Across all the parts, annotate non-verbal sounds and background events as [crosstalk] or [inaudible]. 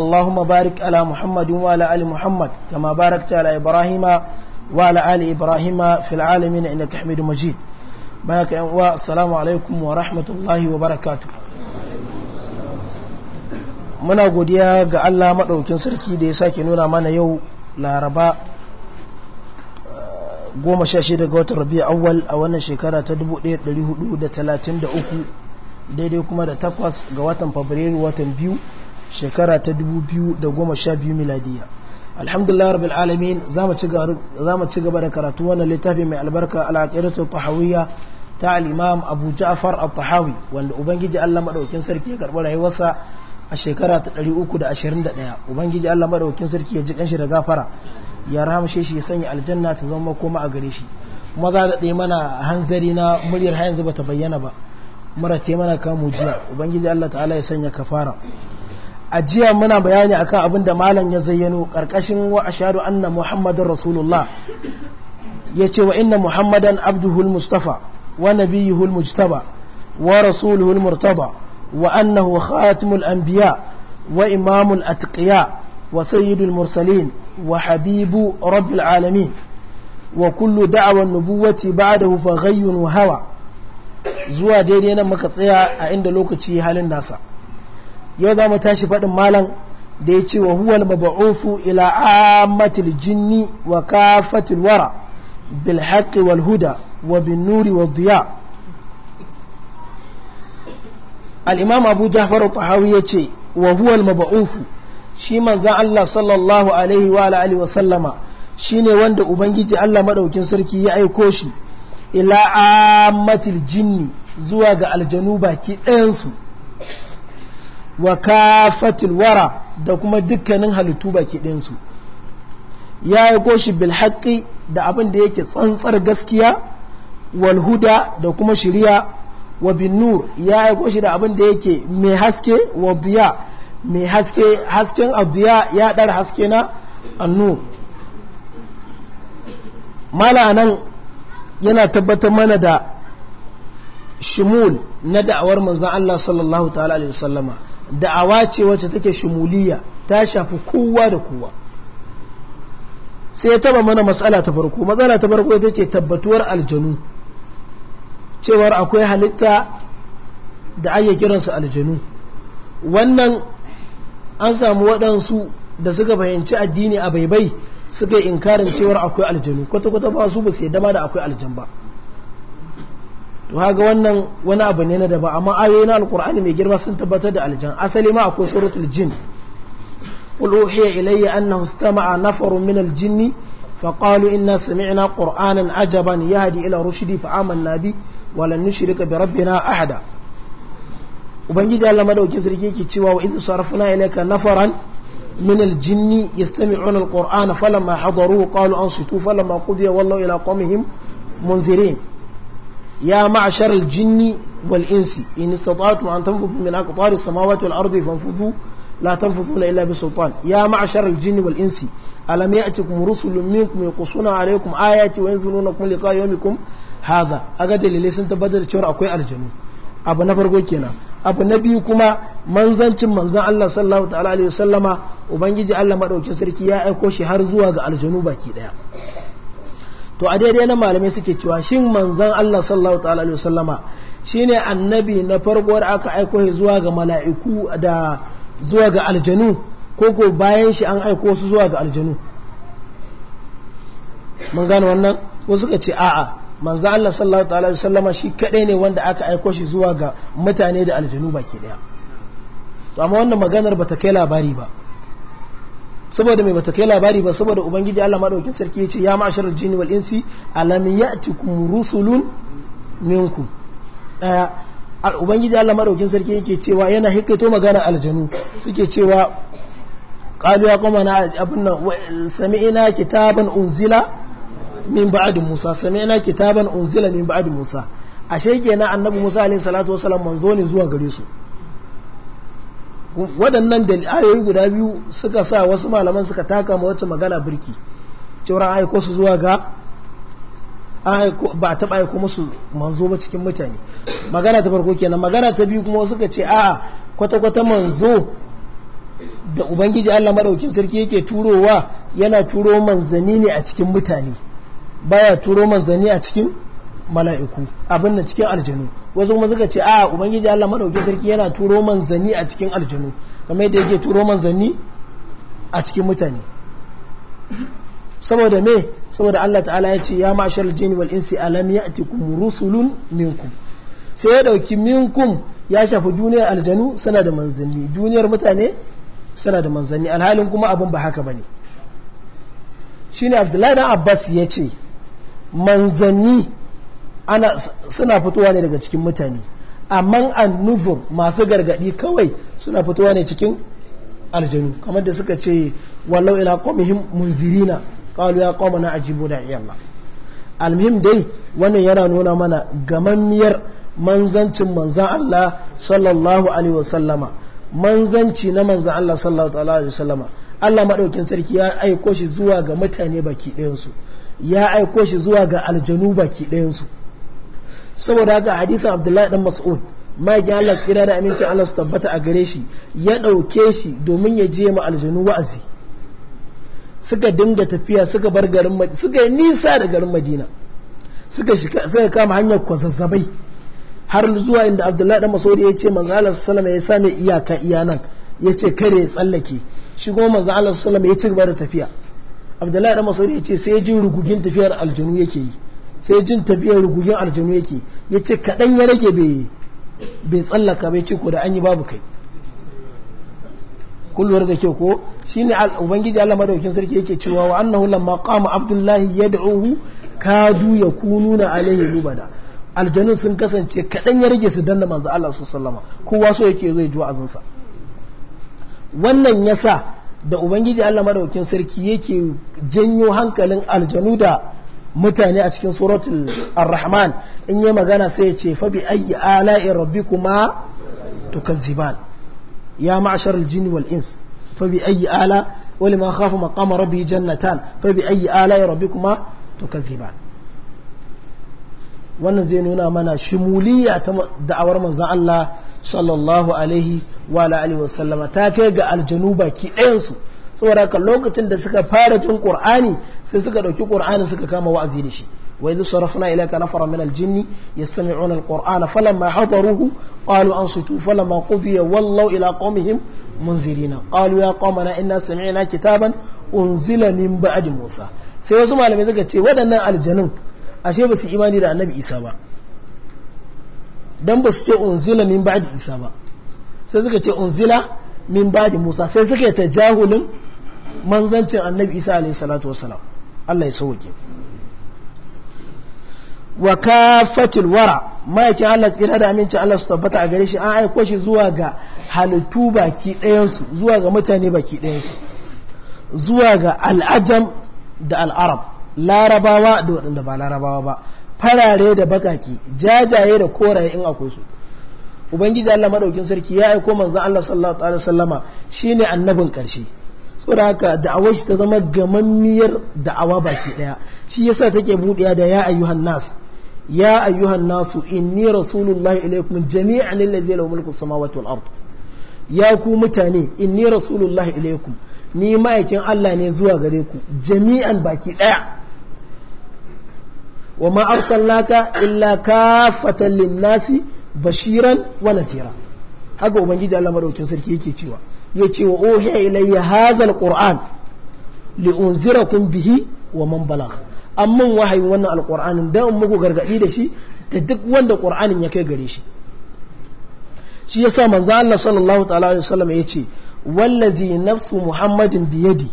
اللهم بارك على محمد وعلى آل محمد كما ibrahima على إبراهيم وعلى آل إبراهيم في العالمين إنك حميد مجيد بارك السلام عليكم ورحمة الله وبركاته muna godiya ga Allah maɗaukin sarki da ya sake nuna mana yau laraba eh, goma shida ga watan a wannan shekara ta 1433 daidai kuma da takwas ga watan fabrairu watan biyu shekara ta 2012 miladiya alhamdulillah rabbil alamin za mu ci gaba da karatu wannan littafi mai albarka al'aqidatu tahawiyya ta al-imam abu ja'far at-tahawi wanda ubangiji Allah madaukin sarki ya karbi rayuwarsa a shekara ta 321 ubangiji Allah madaukin sarki ya ji kanshi da gafara ya rahamshe shi ya sanya aljanna ta zama koma a gare shi kuma za da ɗaya mana hanzari na muryar har yanzu bata bayyana ba mara ce mana kamu jiya ubangiji Allah ta'ala ya sanya kafara a jiya muna bayani akan abin da malam ya zayyano karkashin wa ashadu anna muhammadin rasulullah wa inna muhammadan abduhul mustafa wa nabiyuhul mujtaba wa rasuluhul murtada wa annahu khatimul anbiya wa imamul atqiya wa sayyidul mursalin wa habibu rabbil alamin wa kullu da'awan nubuwati ba'dahu fa ghayyun wa hawa zuwa daidai nan muka tsaya a inda lokaci halin nasa yau za mu tashi faɗin malam da ya ce wa huwal mab'uthu ila ammatil jinni wa kafatil wara bil haqqi wal huda wa bin nuri wa diya al imam abu ja'far tahawi ya ce wa huwal mab'uthu shi manzo Allah sallallahu alaihi wa alihi wa sallama shine wanda ubangiji Allah madaukin sarki ya aiko shi ila ammatil jinni zuwa ga aljanu baki ɗayansu wa kafatil wara da kuma dukkanin halittu baki ɗinsu ya yi goshi bilhaƙi da abin da yake tsantsar gaskiya walhuda da kuma shirya wa bin nur ya yi goshi da abin da yake mai haske wa duya mai haske hasken abduya ya ɗar haske na annu mala nan yana tabbatar mana da shimul na da'awar manzan Allah sallallahu ta'ala alaihi wasallama da'awa ce wacce take shimuliya ta shafi kowa da kowa sai ya taba mana matsala ta farko matsala ta farko ita ce tabbatuwar aljanu cewar akwai halitta da ake kiransu aljanu wannan an samu waɗansu da suka fahimci addini a baibai suka yi inkarin cewar akwai aljanu kwata-kwata ba su ba su yadda da akwai aljan ba to haga wannan wani abu ne na daban amma ayoyi na alkur'ani mai girma sun tabbatar da aljan asali ma akwai suratul jin qul uhiya ilayya annahu istama'a nafarun min aljinn fa qalu inna sami'na qur'anan ajaban yahdi ila rushdi fa amanna bi wa lan nushrika bi rabbina ahada ubangiji Allah madaukin sarki yake cewa wa idh sarafna ilayka nafaran من الجن يستمعون القرآن فلما حضروه قالوا أنصتوا فلما قضي والله إلى قومهم منذرين يا معشر الجن والإنس إن استطعتم أن تنفذوا من أقطار السماوات والأرض فانفذوا لا تنفذون إلا بسلطان يا معشر الجن والإنس ألم يأتكم رسل منكم يقصون عليكم آياتي وينذرونكم لقاء يومكم هذا أقد اللي ليسن تبدل شور أكوي الجنة abu na farko kenan abu na biyu kuma manzancin manzan Allah sallallahu ta'ala alaihi wasallama ubangiji Allah madaukin sarki ya aiko shi har zuwa ga aljanu baki daya to a daidai na malamai suke cewa shin manzon Allah sallallahu ta'ala alaihi wasallama shine annabi na farko da aka aiko shi zuwa ga mala'iku da zuwa ga aljanu ko ko bayan shi an aiko su zuwa ga aljanu mun gane wannan wasu suka ce a'a manzon Allah sallallahu ta'ala alaihi wasallama shi kadai ne wanda aka aiko shi zuwa ga mutane da aljanu baki daya to amma wannan maganar bata kai labari ba saboda mai bata kai labari ba saboda ubangiji Allah madaukin sarki ya ce ya ma'ashar jinni wal insi alam ya'tikum rusulun minkum daya ubangiji Allah madaukin sarki yake cewa yana hikaito magana aljanu suke cewa qalu ya qamana abunna sami'na kitaban unzila min ba'd musa sami'na kitaban unzila min ba'd musa ashe kenan annabi musa alaihi salatu wasallam manzo ne zuwa gare su waɗannan da ayoyi guda biyu suka sa wasu malaman suka taka ma wata magana birki cewar aiko su zuwa ga ba a taɓa aiko musu manzo ba cikin mutane magana ta farko kenan magana ta biyu kuma suka ce a'a kwata-kwata manzo da ubangiji allah maɗaukin sarki yake turowa yana turo manzani ne a cikin mutane baya turo manzani a cikin mala'iku abin da cikin aljanu wasu kuma suka ce a ubangiji Allah maɗauki sarki yana turo manzanni a cikin aljanu kamar yadda yake turo manzanni a cikin mutane saboda me saboda Allah ta'ala ya ce ya ma'ashar jini wal insi alam ya'tikum rusulun minkum sai ya dauki minkum ya shafi duniyar aljanu suna da manzanni duniyar mutane suna da manzanni alhalin kuma abin ba haka ba bane shine Abdullahi dan Abbas ya ce manzanni ana suna fitowa ne daga cikin mutane amma annubur masu gargadi kawai suna fitowa ne cikin aljanu kamar da suka ce wallau ila qawmihim munzirina qalu ya qawmana ajibu da Allah almuhim dai wannan yana nuna mana gamammiyar manzancin manzan Allah sallallahu alaihi wasallama manzanci na manzan Allah sallallahu alaihi wasallama Allah maɗaukin sarki ya aiko shi zuwa ga mutane baki ɗayansu ya aiko shi zuwa ga aljanu baki ɗayansu saboda ga hadisin abdullahi dan mas'ud ma'aikin Allah tsira da amincin Allah su tabbata a gare shi ya ɗauke shi domin ya je ma aljanu wa'azi suka dinga tafiya suka bar garin madina suka yi nisa da garin madina suka suka kama hanyar kwazazzabai har zuwa inda abdullahi dan Mas'ud ya ce manzo Allah sallama ya same iyaka iyanan ya ce kare ya tsallake shi kuma manzo Allah sallama ya ci gaba da tafiya abdullahi dan Mas'ud ya ce sai ya ji rugugin tafiyar aljanu yake yi sai jin tafiyar rugujin aljanu yake ya ce kaɗan ya rage bai tsallaka bai ce ko da an yi babu kai kullum da ke ko shi ne ubangiji allah madaukin sarki yake cewa wa annahu lamma qama abdullahi yad'uhu kadu yakununa alaihi lubada aljanun sun kasance kaɗan ya rage su da manzu allah sun sallama kowa so yake zai ji wa'azinsa wannan ya sa da ubangiji allah madaukin sarki yake janyo hankalin aljanu da mutane a cikin suratul ar-rahman in yi magana sai ya ce fa bi ayyi ala'i rabbikuma tukazziban ya ma'ashar al-jinni wal ins fa bi ayyi ala wa liman khafa maqama rabbi jannatan fa bi ayyi ala'i rabbikuma tukazziban wannan zai nuna mana shimuliya ta da'awar manzon Allah sallallahu alaihi wa alihi wa sallama ta kai ga aljanu baki ɗayan su saboda kan lokacin da suka fara jin qur'ani sai suka dauki qur'anin suka kama wa'azi da shi wa idh sarafna ilayka nafara min al-jinni yastami'una al-qur'ana falamma hadaruhu qalu ansitu falamma qudiya wallahu ila qaumihim munzirina qalu ya qaumana inna sami'na kitaban unzila min ba'di musa sai wasu malamai suka ce waɗannan aljanun ashe ba su imani da annabi isa ba dan ba su ce unzila min ba'di isa ba sai suka ce unzila min ba'di musa sai suka yi tajahulin manzancin annabi isa alayhi salatu wasalam Allah ya sauke wa kafatil wara ma'aikin Allah tsira da amincin Allah su tabbata a gare shi an aiko shi zuwa ga halittu baki ɗayansu zuwa ga mutane baki ɗayansu zuwa ga al'ajam da al'arab larabawa da waɗanda ba larabawa ba farare da bakaki jajaye da koraye in akwai su ubangiji Allah madaukin sarki ya aiko manzon Allah sallallahu alaihi wasallama shine annabin karshe saboda haka da'awar shi ta zama gamammiyar da'awa baki ɗaya shi yasa take buɗewa da ya ayyuhan nas ya ayyuhan nasu inni rasulullahi ilaikum jami'an allazi lahu mulku samawati wal ard ya ku mutane inni rasulullahi ilaikum ni ma'aikin Allah ne zuwa gare ku jami'an baki ɗaya wa ma arsalnaka illa kafatan lin-nasi bashiran wa nadhira haka ubangiji Allah madaukakin sarki yake cewa yace wa uhiya ilayya qur'an alquran li'unzirakum bihi wa man an amma wahayi wannan alqur'anin da mugu gargaɗi gargadi da shi da duk wanda qur'anin ya kai gare shi shi yasa manzo Allah sallallahu ta'ala alaihi wasallam yace wallazi nafsu muhammadin biyadi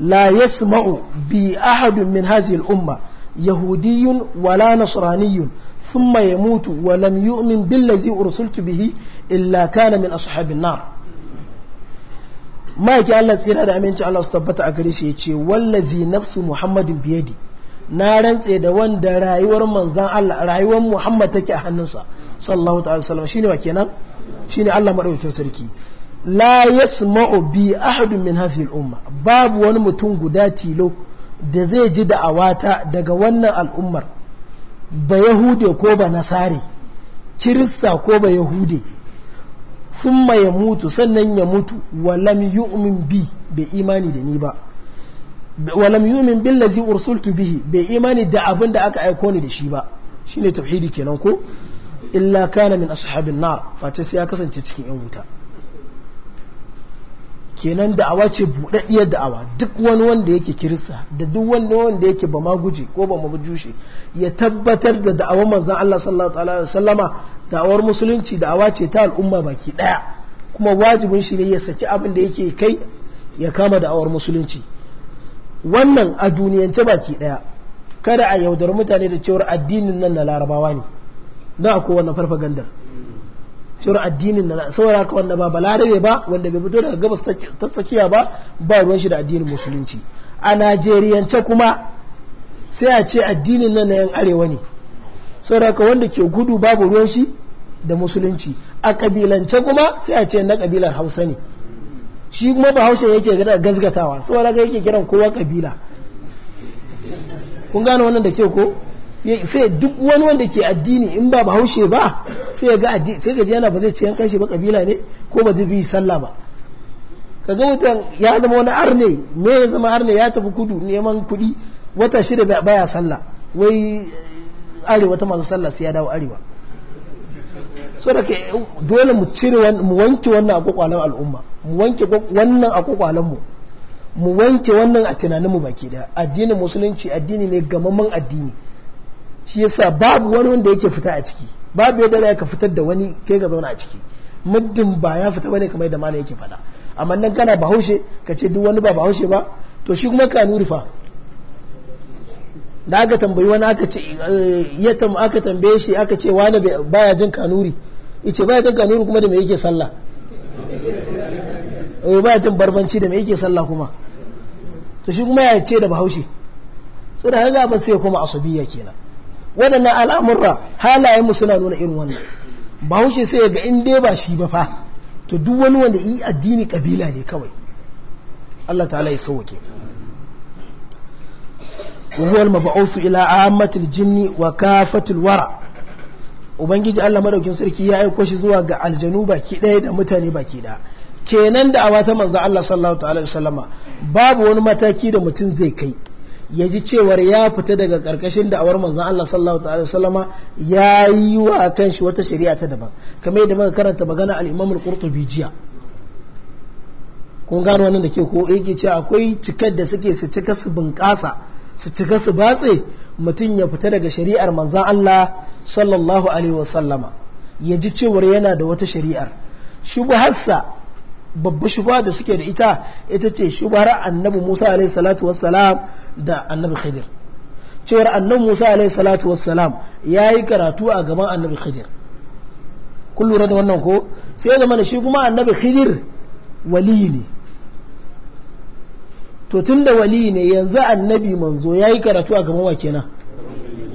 la yasma'u bi ahadin min hadhihi al-umma yahudiyyun wala nasraniyyun thumma yamutu wa lam yu'min billazi ursiltu bihi illa kana min ashabin nar ma'aiki Allah tsira da aminci Allah su tabbata a gare shi ya ce wallazi nafsu muhammadin biyadi na rantse da wanda rayuwar manzan Allah rayuwar muhammad take a hannunsa sallallahu ta'ala sallam shine wa kenan ne Allah madaukakin sarki la yasma'u bi ahadun min hadhihi al-umma babu wani mutum guda tilo da zai ji da'awata daga wannan al'ummar ba yahude ko ba nasare kirista ko ba yahude thumma ya mutu sannan ya mutu walam yu'min bi bai imani da ni ba walam yu'min billazi ursultu bihi bai imani da abin da aka aiko ni da shi ba shine tauhidi kenan ko illa kana min ashabin nar face sai ya kasance cikin yan wuta kenan da'awa ce buɗaɗɗiyar da'awa duk wani wanda yake kirista da duk wani wanda yake ba ma guje ko ba ma ya tabbatar da da'awar manzan Allah sallallahu alaihi wasallama da'awar musulunci da'awa ce ta al'umma baki daya kuma wajibin shi ne ya saki abin da yake kai ya kama da'awar musulunci wannan a duniyance baki daya kada a yaudar mutane da cewar addinin nan na larabawa ne na a wannan farfaganda cewar addinin na saboda haka wanda ba balarabe ba wanda bai fito daga gabas ta tsakiya ba ba ruwan shi da addinin musulunci a najeriyance kuma sai a ce addinin nan na yan arewa ne ka wanda ke gudu babu ruwan shi da musulunci a kabilance kuma sai a ce na kabilar hausa ne shi kuma ba hausa yake gada gazgatawa saboda yake kiran kowa kabila kun gane wannan da ke ko sai duk wani wanda ke addini in ba bahaushe ba sai ga addini sai gaji yana ba zai ci yan shi ba kabila ne ko ba zai bi sallah ba kaga mutum ya zama wani arne me ya zama arne ya tafi kudu neman kudi wata shida baya sallah wai arewa ta masu sallah sai ya dawo arewa so da dole mu cire mu wanke wannan a kwakwalen al'umma mu wanke wannan a kwakwalen mu mu wanke wannan a tunanin mu baki da addinin musulunci addini ne gamamman addini shi yasa babu wani wanda yake fita a ciki babu yadda za ka fitar da wani kai ga zauna a ciki muddin ba ya fita bane kamar da mala yake fada amma nan kana bahaushe ka ce duk wani ba bahaushe ba to shi kuma kanuri fa da aka tambayi wani aka ce eh, ya tam aka tambaye shi aka ce wani baya jin kanuri yace baya jin kanuri kuma da me yake sallah eh baya jin barbanci da me yake sallah kuma to shi kuma ya ce da bahaushe so da haka ba sai kuma asubiya kenan waɗannan al'amurra halayen mu suna nuna irin wannan bahaushe sai ga in dai ba shi ba fa to duk wani wanda yi addini kabila ne kawai Allah ta'ala ya sauke وهو المبعوث إلى عامة الجن وكافة الورع ubangiji Allah madaukin sarki ya aiko shi zuwa ga aljanu baki ɗaya da mutane baki ɗaya kenan da awata manzo Allah sallallahu babu wani mataki da mutum zai kai ya ji cewar ya fita daga karkashin da'awar manzon Allah sallallahu ta'ala sallama ya yi wa kan shi wata shari'a ta daban kamar yadda muka karanta magana al-Imam al-Qurtubi jiya kun gano wannan da ke ko yake cewa akwai cikar da suke su cika su bunƙasa su cika su batse mutum ya fita daga shari'ar manzan Allah sallallahu alaihi wasallama ya ji cewar yana da wata shari'ar shubuharsa babba shubuha da suke da ita ita ce shubuhar annabi Musa alaihi salatu wassalam da annabi Khidir cewar annabi Musa alaihi salatu wassalam yayi karatu a gaban annabi Khidir kun lura da wannan ko sai zama shi kuma annabi Khidir wali ne to tun da wali ne yanzu annabi manzo ya yi karatu a gaban wa na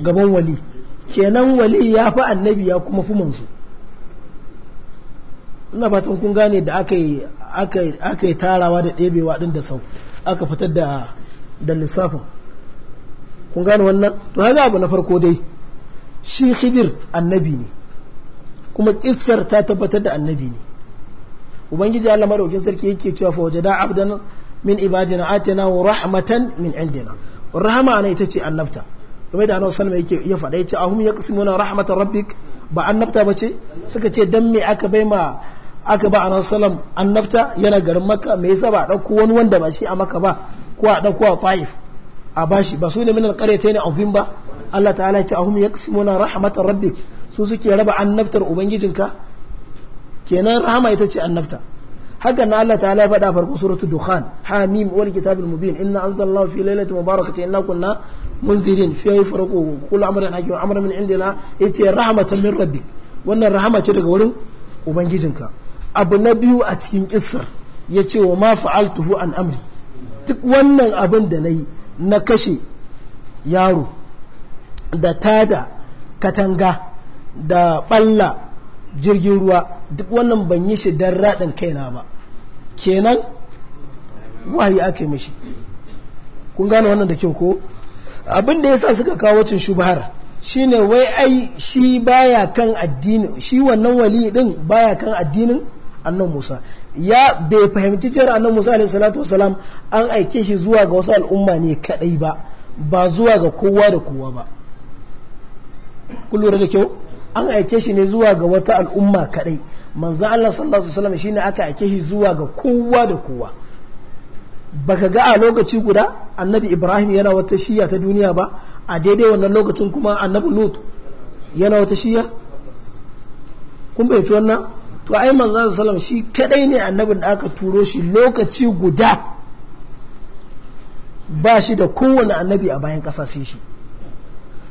gaban wali kenan wali ya fi annabi ya kuma fi manzo ina fatan kun gane da aka yi tarawa da ɗebewa ɗin da sau aka fitar da lissafin kun gane wannan to haka abu na farko dai shi khidir annabi ne kuma kissar ta tabbatar da annabi ne ubangiji Allah madaukin sarki yake cewa fa wajada abdan min ibadina atina wa rahmatan min indina rahama ana ita ce annabta game da annabi sallallahu yake ya faɗa yace ahum yaqsimuna rahmatar rabbik ba annabta bace suka ce dan me aka bai ma aka ba annabi sallallahu annabta yana garin makka me yasa ba dauko wani wanda ba shi a makka ba ko a dauko a taif a bashi ba su ne min alqaryatayn azim ba Allah ta'ala ya ce ahum yaqsimuna rahmatar rabbik su suke raba annabtar ubangijinka kenan rahama ita ce annabta haka na Allah ta'ala ya faɗa farko suratul dukhan hamim wal kitabil mubin inna anzalallahu fi lailatin mubarakatin inna kunna munzirin fi yafraku kullu amrin hakim amrun min indina yace rahmatan min rabbik wannan rahama ce daga wurin ubangijinka abu na biyu a cikin kissar yace wa ma fa'altuhu an amri duk wannan abin da nayi na kashe yaro da tada katanga da balla jirgin ruwa duk wannan ban yi shi don raɗin kaina ba kenan wahayi aka mishi kun gane wannan da kyau ko abin da yasa suka kawo wacin shubhar shine wai ai shi baya kan addini shi wannan wali din baya kan addinin annan Musa ya bai fahimci jar annan Musa alaihi salatu wasalam an aike shi zuwa ga wasu al'umma ne kadai ba ba zuwa ga kowa da kowa ba kun da kyau an aike shi ne zuwa ga wata al'umma kadai manzan Allah sallallahu Alaihi wasallam shine aka ake shi zuwa ga kowa da kowa baka ga a lokaci guda annabi ibrahim yana wata shiya ta duniya ba a daidai wannan lokacin kuma annabi lut yana wata shiya kun bai wannan to ai manzan sallam shi kadai ne annabin da aka turo shi lokaci guda ba shi da kowane annabi a bayan kasashe sai shi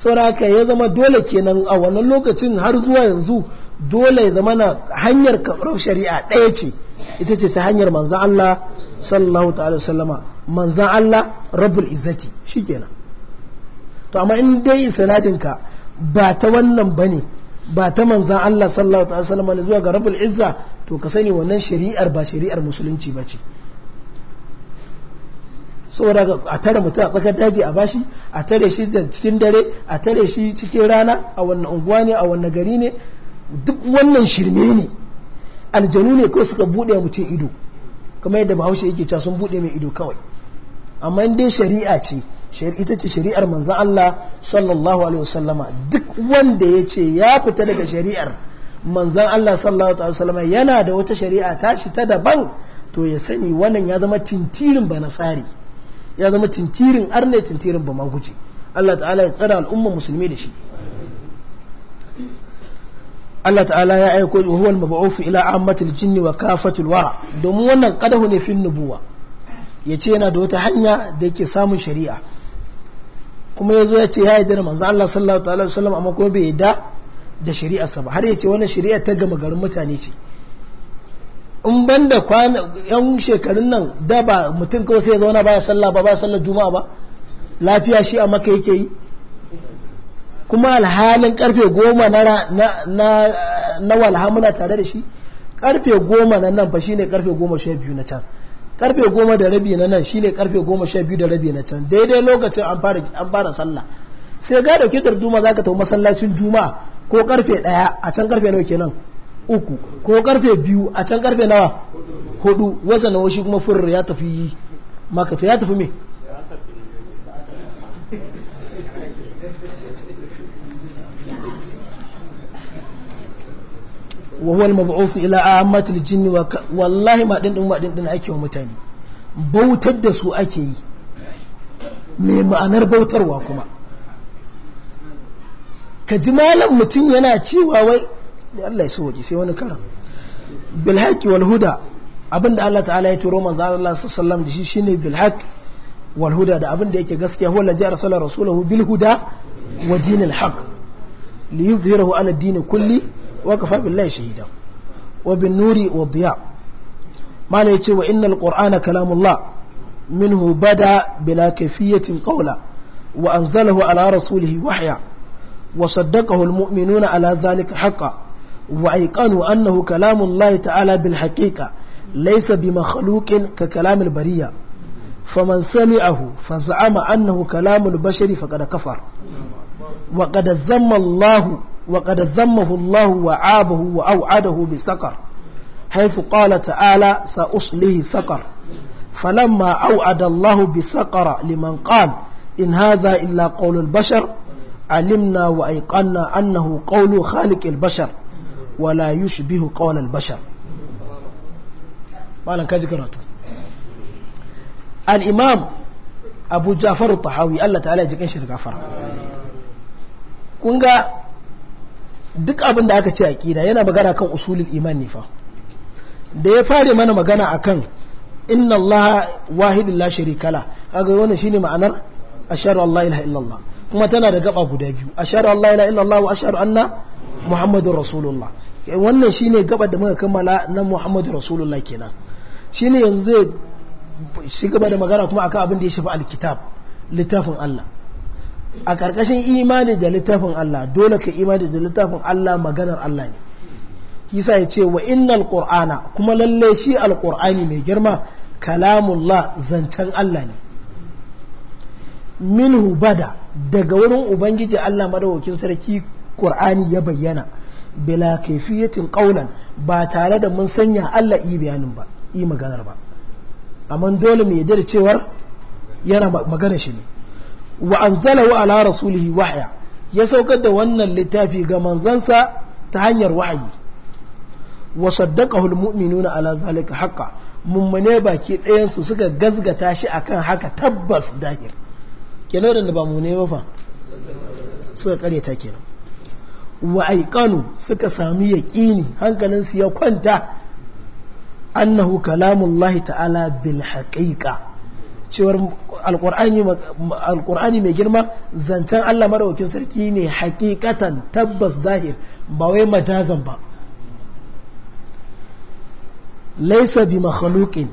saboda ya zama dole kenan a wannan lokacin har zuwa yanzu dole ya zama na hanyar karɓar shari'a ɗaya ce ita ce ta hanyar manzan Allah sallallahu ta'ala sallama manzan Allah rabbul izzati shikenan to amma in dai sanadinka ba ta wannan bane ba ta manzan Allah sallallahu ta'ala sallama zuwa ga rabbul izza to ka sani wannan shari'ar ba shari'ar musulunci ba ce saboda a tare mutum a tsakar daji a bashi a tare shi da cikin dare a tare shi cikin rana a wannan unguwa ne a wannan gari ne duk wannan shirme ne aljanu ne kawai suka buɗe mutum ido kamar yadda bahaushe yake cewa sun buɗe mai ido kawai amma dai shari'a ce ita ce shari'ar manzan Allah sallallahu alaihi wasallama duk wanda ya ce ya fita daga shari'ar manzan Allah sallallahu alaihi wasallama yana da wata shari'a tashi ta daban to ya sani wannan ya zama tintirin ba nasari ya zama tintirin arne tintirin ba ma guje Allah ta'ala ya tsara al'umma musulmi da shi Allah ta'ala ya aiko wa huwa al-mab'uf ila ammatil jinni wa kafatul wara domin wannan qadahu ne fin nubuwa yace yana da wata hanya da yake samun shari'a kuma yazo yace ya yi da manzo Allah sallallahu alaihi wasallam amma ko bai yadda da shari'arsa ba har yace wannan shari'a ta gama garin mutane ce in ban da yan shekarun nan da ba mutum kawai sai zauna baya sallah ba baya sallar juma'a ba lafiya shi a maka yake yi kuma alhalin karfe goma na na walha tare da shi karfe goma na nan fa shine karfe goma sha biyu na can karfe goma da rabi na nan shine karfe goma sha biyu da rabi na can daidai lokacin an fara an fara sallah sai ga kitar za zaka tafi masallacin juma'a ko karfe daya a can karfe nawa kenan uku ko karfe biyu a can karfe nawa hudu wasa na washi kuma furar ya tafi yi. makata ya tafi me wa huwa ila a jinni jini wallahi ma din din ma ake wa mutane bautar da su ake yi mai ma'anar bautarwa kuma ka ji malam mutum yana cewa wai da Allah ya soje sai wani karan bil haqqi wal huda abinda Allah ta'ala ya turo manzo Allah sallallahu alaihi wasallam shi shine bil haqq wal huda da abinda yake gaskiya huwa allazi arsala rasulahu bil huda wa dinil haqq li yuzhirahu ala din kulli wa kafa billahi shahida wa bin nuri wa dhiya mala yace wa innal qur'ana kalamullah minhu bada bila kafiyatin qawla wa anzalahu ala rasulihi wahya وصدقه المؤمنون على ذلك حقا وأيقنوا أنه كلام الله تعالى بالحقيقة ليس بمخلوق ككلام البرية فمن سمعه فزعم أنه كلام البشر فقد كفر وقد ذم الله وقد ذمه الله وعابه وأوعده بسقر حيث قال تعالى سأصله سقر فلما أوعد الله بسقر لمن قال إن هذا إلا قول البشر علمنا وأيقنا أنه قول خالق البشر wala yushbihu qawl al-bashar malan kaji karatu al-imam abu ja'far tahawi Allah ta'ala ya ji kanshi da gafara kun ga duk abin da aka ce aqida yana magana kan usulul iman ne fa da ya fare mana magana akan inna Allah wahidun la sharika la kaga wannan shine ma'anar ashhadu an la ilaha illallah kuma tana da gaba guda biyu ashhadu an la ilaha illallah wa ashhadu anna muhammadur rasulullah wannan shi ne gaba da muka kammala na Muhammadu Rasulullah kenan shi ne yanzu zai shi gaba da magana kuma akan abin da ya shafi alkitab littafin Allah a ƙarƙashin imani da littafin Allah dole ka imani da littafin Allah maganar Allah ne kisa ya ce wa innal qur'ana kuma lalle shi alqur'ani mai girma kalamullah zancen Allah ne minhu bada daga wurin ubangiji Allah madaukakin sarki qur'ani ya bayyana bila kaifiyatin qaulan ba tare da mun sanya Allah yi bayanin ba yi maganar ba amma dole mu yadda da cewar yana magana shi ne wa anzala wa ala rasulihi wahya ya saukar da wannan littafi ga manzansa ta hanyar wahayi wa saddaqahu almu'minuna ala zalika haqqan mummune baki ɗayan su suka gazgata shi akan haka tabbas dahir kenan da ba mu ne ba fa suka kare ta kenan wa aikanu suka sami yaƙini hankalinsu ya kwanta annahu kalamullahi ta'ala bil haqiqa cewar alƙur'ani mai girma zancen Allah marawakin sarki ne hakikatan tabbas zahir ba wai majazan ba laisa bi makhluqin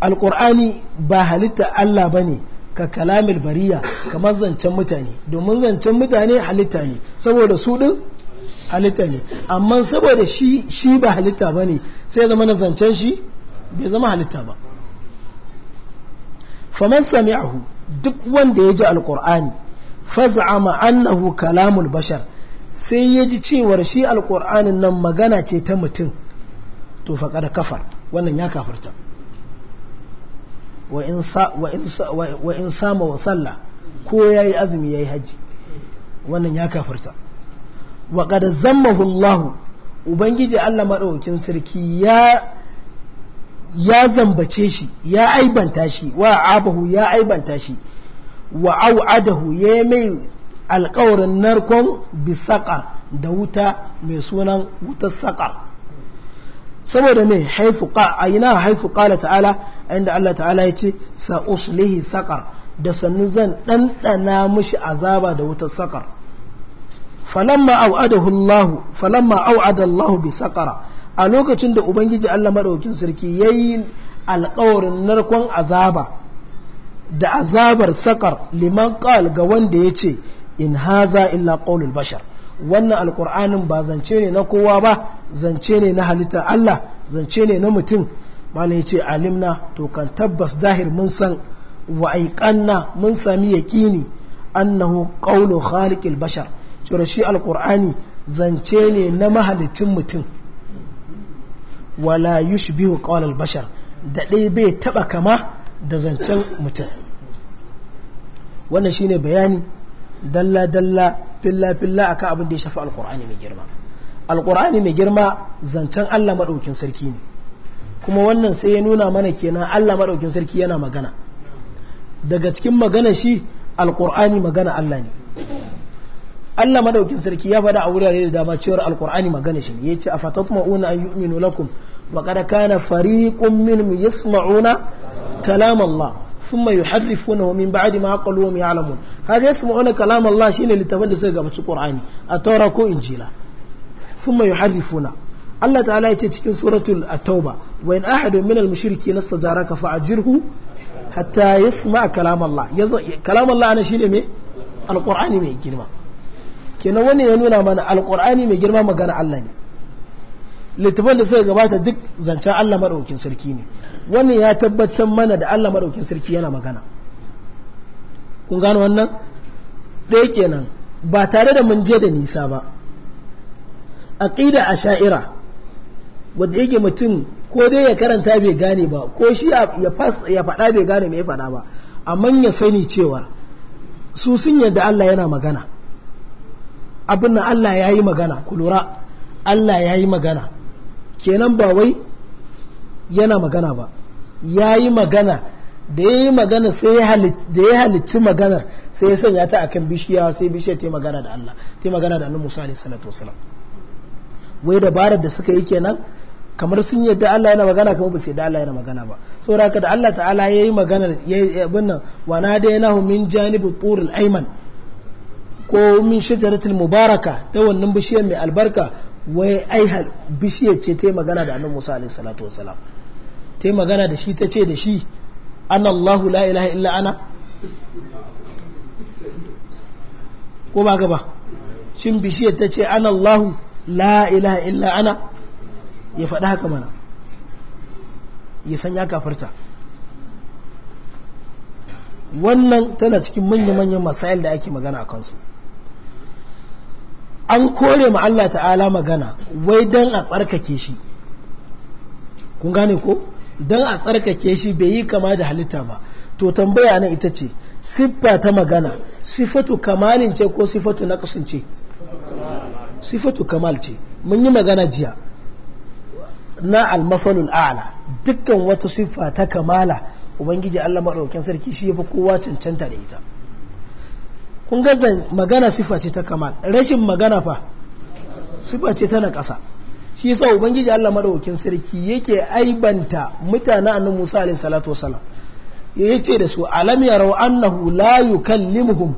alƙur'ani ba halitta Allah ba ne ka kalamil bariya kamar zancen mutane domin zancen mutane halitta ne saboda su din halitta ne amma saboda shi shi ba halitta ba ne sai zama na zancen shi bai zama halitta ba faman sami'ahu duk wanda ya ji alkur'ani faz'ama annahu kalamul bashar sai ya ji cewar shi alkur'anin nan magana ce ta mutum to faqad kafar wannan ya kafarta wa in sama wa sallah ko ya yi azumi ya yi hajji wannan ya kafarta wa kada zammahu Allah ubangiji Allah maɗaukin sarki ya zambace shi ya aibanta shi wa abahu ya aibanta shi wa au'adahu ya mai alƙawarin narkon bisaƙar da wuta mai sunan wutar saƙar saboda mai haifu a yana haifu ƙala ta'ala inda Allah ta'ala ya ce sa uslihi saqar da sannu zan ɗanɗana mishi azaba da wutar saƙar falamma au'adahu falamma au'ada Allah bi saƙara a lokacin da ubangiji Allah maɗaukin sarki yayi alƙawarin narkon azaba da azabar saƙar liman qal ga wanda ce in haza illa qaulul bashar wannan alƙur'anin ba zance ne na kowa ba zance ne na halittar Allah zance ne na mutum malam ya ce alimna to kan tabbas dahir mun san wa aiƙanna mun sami yaƙini annahu qawlu khaliqil bashar cewa shi alqur'ani zance ne na mahalicin mutum wala yushbihu qawlal bashar da dai bai taba kama da zancen mutum wannan shine bayani dalla dalla filla filla akan abin da ya shafi alqur'ani mai girma alqur'ani mai girma zancen Allah madaukin sarki ne kuma wannan sai ya nuna mana kenan Allah maɗaukin sarki yana magana daga cikin magana shi alƙur'ani magana Allah ne Allah maɗaukin sarki ya faɗa a wurare da dama cewar alƙur'ani magana shi ne ya ce a fatatma'una an yu'minu lakum wa qad kana fariqun minhum yasma'una kalam Allah thumma yuharrifunahu min ba'di ma qalu wa ya'lamun kaga yasma'una kalam Allah shine littafin da suka gabaci Qur'ani a Taura ko Injila thumma yuharrifuna Allah ta'ala ya ce cikin suratul at-tauba wa in ahadun min al-mushriki nastajaraka fa ajirhu hatta yasma kalam Allah kalam Allah ana shine me alqur'ani mai girma kenan wannan ya nuna mana alqur'ani mai girma magana Allah ne littafan da suka gabata duk zancen Allah madaukin sarki ne wannan ya tabbatar mana da Allah madaukin sarki yana magana kun gano wannan ɗaya kenan ba tare da mun je da nisa ba aqida asha'ira wanda yake mutum ko dai ya karanta bai gane ba ko shi ya faɗa bai gane mai faɗa ba amma ya sani cewa su sun yadda Allah yana magana abin da Allah ya yi magana ku lura Allah ya yi magana kenan ba wai yana magana ba ya yi magana da ya yi magana sai da ya halicci magana sai ya sanya ta akan bishiya sai bishiya ta magana da Allah ta magana da Annabi Musa alaihi salatu wasalam wai dabarar da suka yi kenan kamar sun yadda Allah yana magana kamar ba su yadda Allah yana magana ba saboda haka da Allah ta'ala ya yi magana ya yi abin nan wa na dai na min janibu turul aiman ko min shajaratul mubaraka ta wannan bishiyar mai albarka wai ai bishiyar ce ta magana da annabi Musa alaihi salatu wasalam ta magana da shi ta ce da shi an la ilaha illa ana ko ba gaba shin bishiyar ta ce an la ilaha illa ana ya faɗi haka mana ya san ya kafarta wannan tana cikin manya-manyan masayil da ake magana a kansu an kore ma Allah ta'ala magana wai don a tsarkake shi kun gane ko don a tsarkake shi bai yi kama da halitta ba to tambaya na ita ce siffa ta magana sifatu kamalin ce ko sifatu na ce sifatu kamal ce mun yi magana jiya na almasalul a'la dukkan wata siffa ta kamala ubangiji Allah madaukakin sarki shi yafi kowa cancanta da ita kun ga magana siffa ce ta kamal rashin magana fa siffa ce ta na ƙasa shi yasa ubangiji Allah madaukakin sarki yake aibanta mutane annabi Musa alayhi salatu wasalam yace da su alam ya yarau annahu la yukallimuhum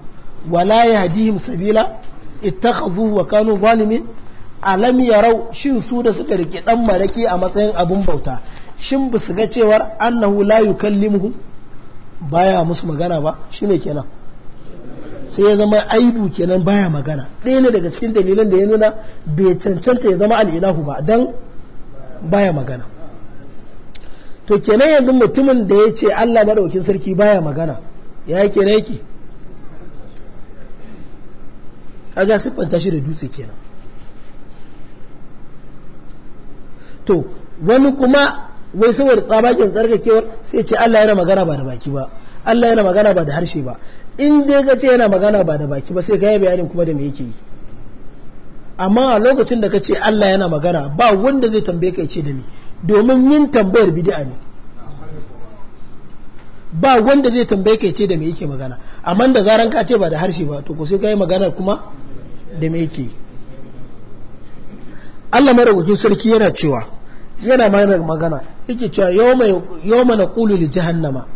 wala la yahdihim sabila ittakhadhu wa kanu zalimin alam yarau shin su da suka rike dan maraki a matsayin abun bauta shin ba su ga cewar annahu la yukallimuhu baya musu magana ba shine kenan sai ya zama aibu kenan baya magana ɗaya ne daga cikin dalilan da ya nuna bai cancanta ya zama al'ilahu ba dan baya magana to kenan yanzu mutumin da ya ce Allah na madaukin sarki baya magana ya yi kenan yake kaga siffanta shi da dutse kenan to wani kuma wai saboda tsabakin tsarkakewar sai ce Allah yana magana ba da baki ba Allah yana magana ba da harshe ba in dai ka ce yana magana ba da baki ba sai ka yi bayanin kuma da me yake yi amma a lokacin da ka ce Allah yana magana ba wanda zai tambaye ka ce da ni domin yin tambayar bid'a ne ba wanda zai tambaye ka ce da me yake magana amma da zaran ka ce ba da harshe ba to ko sai ka yi magana kuma da me yake yi Allah maraukakin sarki yana cewa yana mana magana yake cewa yawma naqulu li jahannama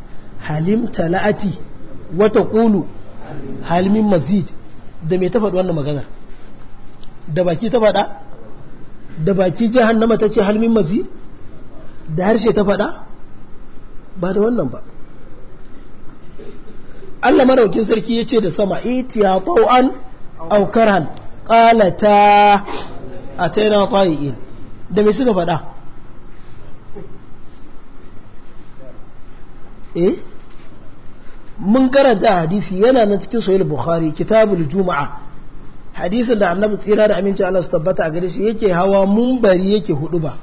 halim tala'ati wata kulu halimin mazid da mai tafaɗi wannan magana da baki ta faɗa da baki jahannama ta ce halimin mazid da harshe ta faɗa ba da wannan ba Allah maraukin sarki ya ce da sama itiya tau'an aukaran ƙalata a taina ta'i'in da mai suka faɗa eh mun karanta hadisi yana nan cikin sahih bukhari kitabul juma'a hadisin da annabi tsira da aminci Allah su tabbata a gare shi yake hawa munbari yake hudu ba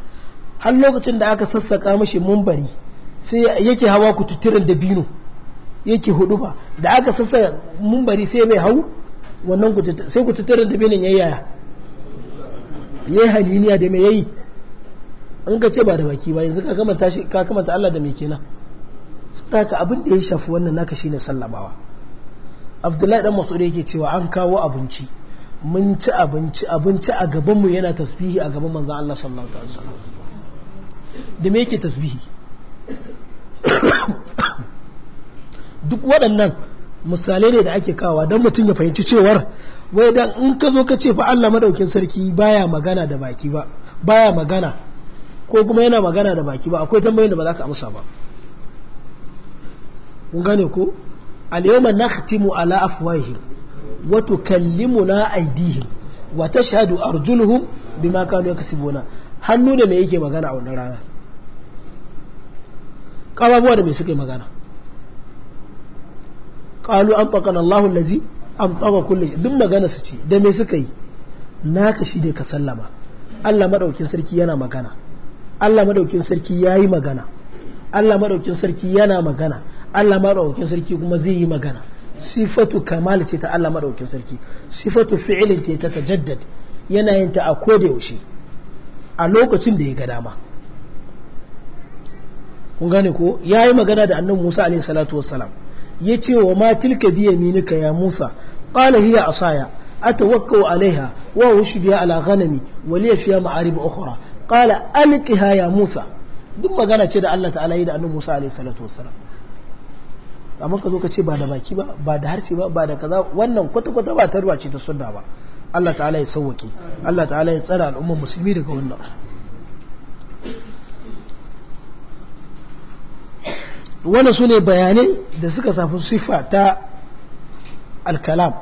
har lokacin da aka sassaka mashi munbari sai yake hawa da binu yake hudu ba da aka sassaka munbari sai mai hau wannan sai da binin yayyaya yayi haliniya da mai yayi an ka ce ba da baki ba yanzu ka kamanta shi ka kamanta Allah da mai kenan saboda abin da ya shafi wannan naka shine sallamawa Abdullahi dan Mas'ud yake cewa an kawo abinci mun ci abinci abinci a gaban mu yana tasbihi a gaban manzon Allah sallallahu alaihi wasallam da me yake tasbihi [coughs] duk waɗannan misalai ne da ake kawa dan mutum ya fahimci cewar wai dan in ka zo ka ce fa Allah madaukin sarki baya magana da baki ba baya magana ko kuma yana magana da baki ba akwai tambayoyin da ba za ka amsa ba kun gane ko al-yawma nakhtimu ala afwahihim wa tukallimuna aydihim wa tashhadu arjuluhum bima kanu yakasibuna hannu da me yake magana a wannan rana kababuwa da me suke magana qalu an taqana Allahu allazi am tsaga kullum duk magana su ce da me suka yi naka shi ne ka sallama Allah madaukin sarki yana magana Allah madaukin sarki ya yi magana Allah madaukin sarki yana magana Allah madaukin sarki kuma zai yi magana sifatu kamal ce ta Allah madaukin sarki sifatu fi'ilin ce ta tajaddad yana yin ta a da yaushe a lokacin da ya ga dama kun gane ko ya yi magana da annabi Musa alaihi ya ce wa ma tilka biya ka ya musa ƙala hiya asaya atawakkau alaiha wa wushi biya ala ghanami wali ya fiya ma'arib ukhra ƙala alqiha ya musa duk magana ce da Allah ta'ala yi da Musa alaihi salatu wassalam amma ka zo ka ce ba da baki ba ba da harshe ba ba da kaza wannan kwata-kwata ba tarwa ce ta sunna ba Allah ta'ala ya sauwake Allah ta'ala ya tsara al'ummar musulmi daga wannan wanda su ne bayanai da suka safi sifa ta alkalam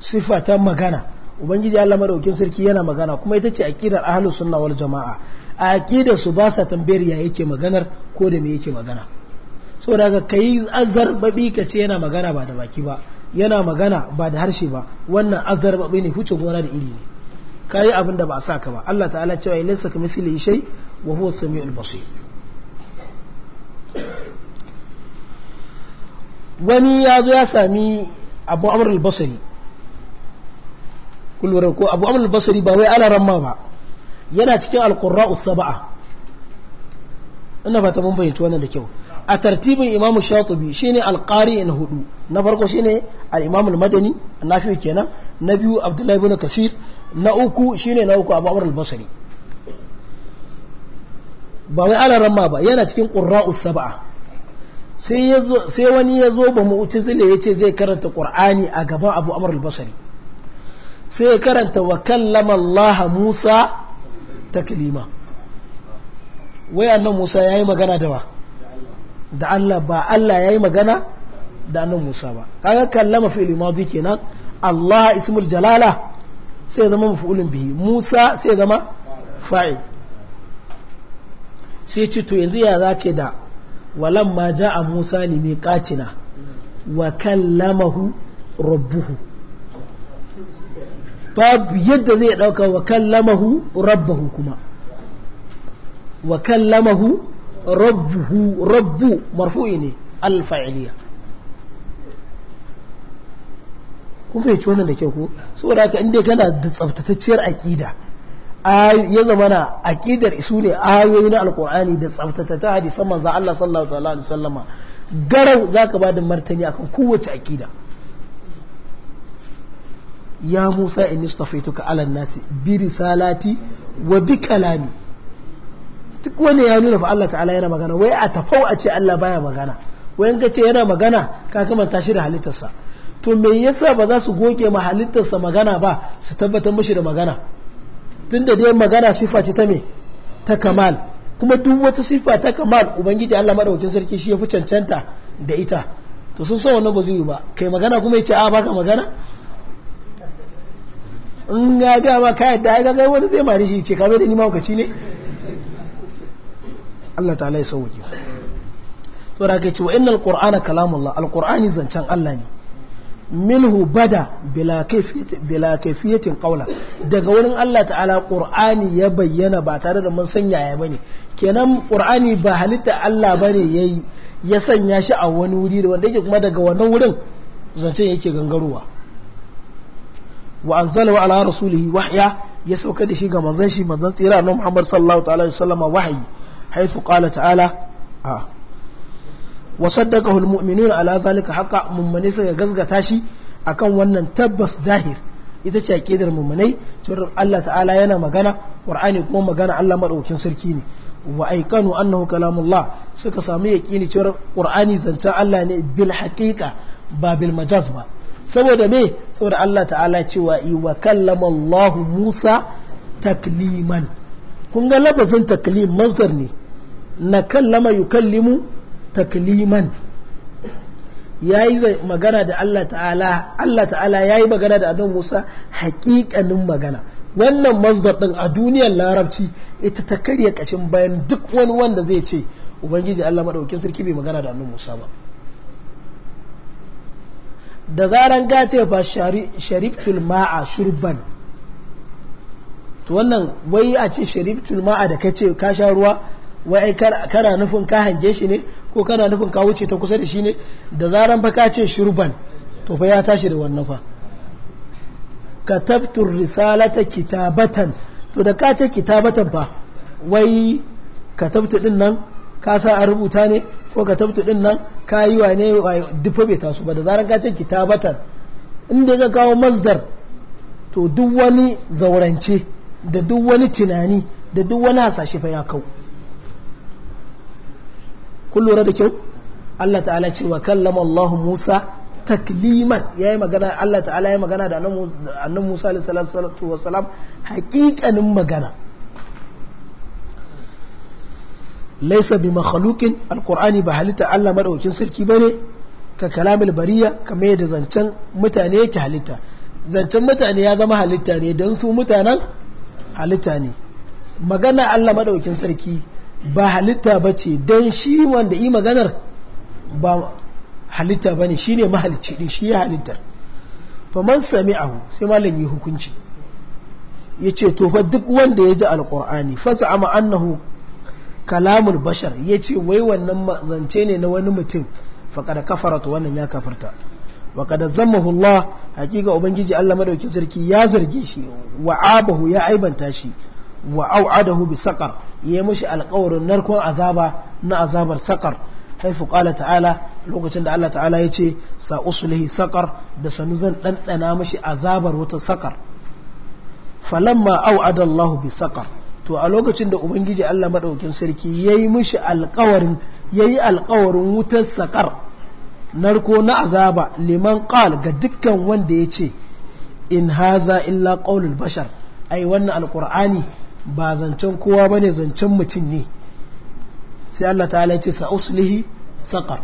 sifa ta magana ubangiji allah maraukin sarki yana magana kuma ita ce akidar ahalus sunna wal jama'a a aƙidar su ba sa tambayar ya yake maganar ko da me yake magana saboda kayi kai babi ka ce yana magana ba da baki ba yana magana ba da harshe ba wannan azar babi ne huce gona da iri ne kayi abin da ba a sa ka ba Allah ta'ala cewa ilaysa ka shay wa huwa samiul basir wani ya zo ya sami abu amur albasari basari kullum ko abu amur albasari basari ba wai ala ramma ba yana cikin al-qurra saba'a ina ba ta mun fahimci wannan da kyau a tartibin imamu shatubi shine ne alkari na hudu na farko shine al-imamu al na nafi kenan na biyu abdullahi bin kasir na uku shine na uku abu amur albasari basari ba wai ala ramma ba yana cikin qurra saba'a sai wani ya zo ba zile ya ce zai karanta qur'ani a gaban abu amur al sai ya karanta wa kallama allaha musa kilima. wai annan musa ya yi magana da ba. da Allah ba Allah ya yi magana da annan musa ba kaga kallama fi'il madi kenan Allah ismul jalala sai zama ulin bihi musa sai zama fa'il sai ce to yanzu ya zake da ma ja'a Musa limiqatina wa kallamahu rabbuhu babu yadda zai dauka wa kallamahu rabbuhu kuma wa kallamahu rabbuhu rabbu marfu'i ne alfa'iliya kun fahimci wannan da kyau ko saboda haka inda kana da tsaftatacciyar aqida ya zama na aƙidar su ne ayoyi na alƙur'ani da ta hadisan manzan Allah sallallahu alaihi sallama garau za ka ba da martani akan kowace aƙida ya musa in istafaituka alan nasi bi risalati wa bi kalami duk wani ya nuna fa Allah ta'ala yana magana wai a tafau a ce Allah baya magana wai in ka ce yana magana ka kamanta shi da halittarsa to me yasa ba za su goge ma halittarsa magana ba su tabbatar mishi da magana Tun da dai magana sifa ce ta me ta kamal kuma duk wata sifa ta kamal ubangiji Allah madaukakin sarki shi ya fi cancanta da ita to sun san wannan ba zai yi ba kai magana kuma yace a baka magana in ga ga ma ka yadda ga ga wani zai mari shi ce ka bai da ni mawukaci ne Allah ta'ala ya sauke to da kai ce wa innal qur'ana kalamullah alqur'ani zancen Allah ne minhu bada bila kaifiyatin qawla daga wurin Allah ta'ala qur'ani ya bayyana ba tare da mun sanya ya bane kenan qur'ani ba halitta Allah bane yayi ya sanya shi a wani wuri da wanda yake kuma daga wannan wurin zancen yake gangarowa wa anzala ala rasulihi wahya ya sauka da shi ga manzon shi manzon tsira na Muhammad sallallahu ta'ala alaihi wasallam wahyi haythu qala ta'ala a wa saddaqahu almu'minuna ala zalika haqa mummane suka shi akan wannan tabbas zahir ita ce aqidar mummunai cewar Allah ta'ala yana magana qur'ani kuma magana Allah madaukakin sarki ne wa aikanu annahu kalamullah suka samu yaqini cewa qur'ani zancen Allah ne bil haqiqa ba bil majaz ba saboda me saboda Allah ta'ala cewa i wa kallamallahu Musa takliman kun ga lafazin taklim masdar ne na kallama yukallimu takliman ya yi magana da Allah ta'ala Allah ta'ala ya magana da annabi Musa haƙiƙanin magana wannan masdar din a duniyar larabci ita ta karya kashin bayan duk wani wanda zai ce ubangiji Allah madaukakin sarki bai magana da annabi Musa ba da zaran gace ba sharibtul ma'a shurban to wannan wai a ce sharibtul ma'a da kace ka sha ruwa wai kana nufin ka hange shi ne ko kana nufin ka wuce ta kusa da shi ne da zaran baka ce shurban to fa ya tashi da wannan fa katabtu risalata kitabatan to da ka ce kitabatan fa wai katabtu din nan ka sa a rubuta ne ko katabtu din nan ka yi wa ne dufa bai taso ba da zaran ka ce kitabatan inda ya kawo masdar to duk wani zaurance da duk wani tunani da duk wani hasashe fa ya kawo kun lura da kyau Allah ta'ala ce wa kallama Allah Musa takliman yayi magana Allah ta'ala ya magana da annan Musa alaihi salatu wasalam haƙiƙanin magana laisa bi makhluqin alqur'ani ba halitta Allah madaukin sarki bane ka kalamil bariya kamar da zancen mutane yake halitta zancen mutane ya zama halitta ne don su mutanen halitta ne magana Allah madaukin sarki ba halitta ba ce don shi wanda yi maganar ba halitta ba ne shi ne mahalicci ne shi ya halittar man sami ahu sai malam yi hukunci ya ce tofa duk wanda ya ji alƙur'ani fasa amma annahu kalamul bashar ya ce wai wannan zance ne na wani mutum faƙada kafarata wannan ya kafarta kada zama hula hakika ubangiji Allah madauki sarki ya zarge shi wa abahu ya aibanta shi wa au'adahu bi saƙar. ya mushi alkawarin narkon azaba na azabar saƙar haifu ƙala ta'ala lokacin da Allah ta'ala ya ce sa'usulihi saƙar da sanu zan ɗanɗana mashi azabar wata saƙar falamma au adallahu bi saƙar to a lokacin da ubangiji Allah maɗaukin sarki ya yi mushi alkawarin ya yi alkawarin wutar saƙar narko na azaba liman qal ga dukkan wanda ya ce in haza illa ƙaulul bashar ai wannan alƙur'ani ba zancen kowa ba ne zancen mutum ne sai Allah ta halarci sa'uslihi saƙar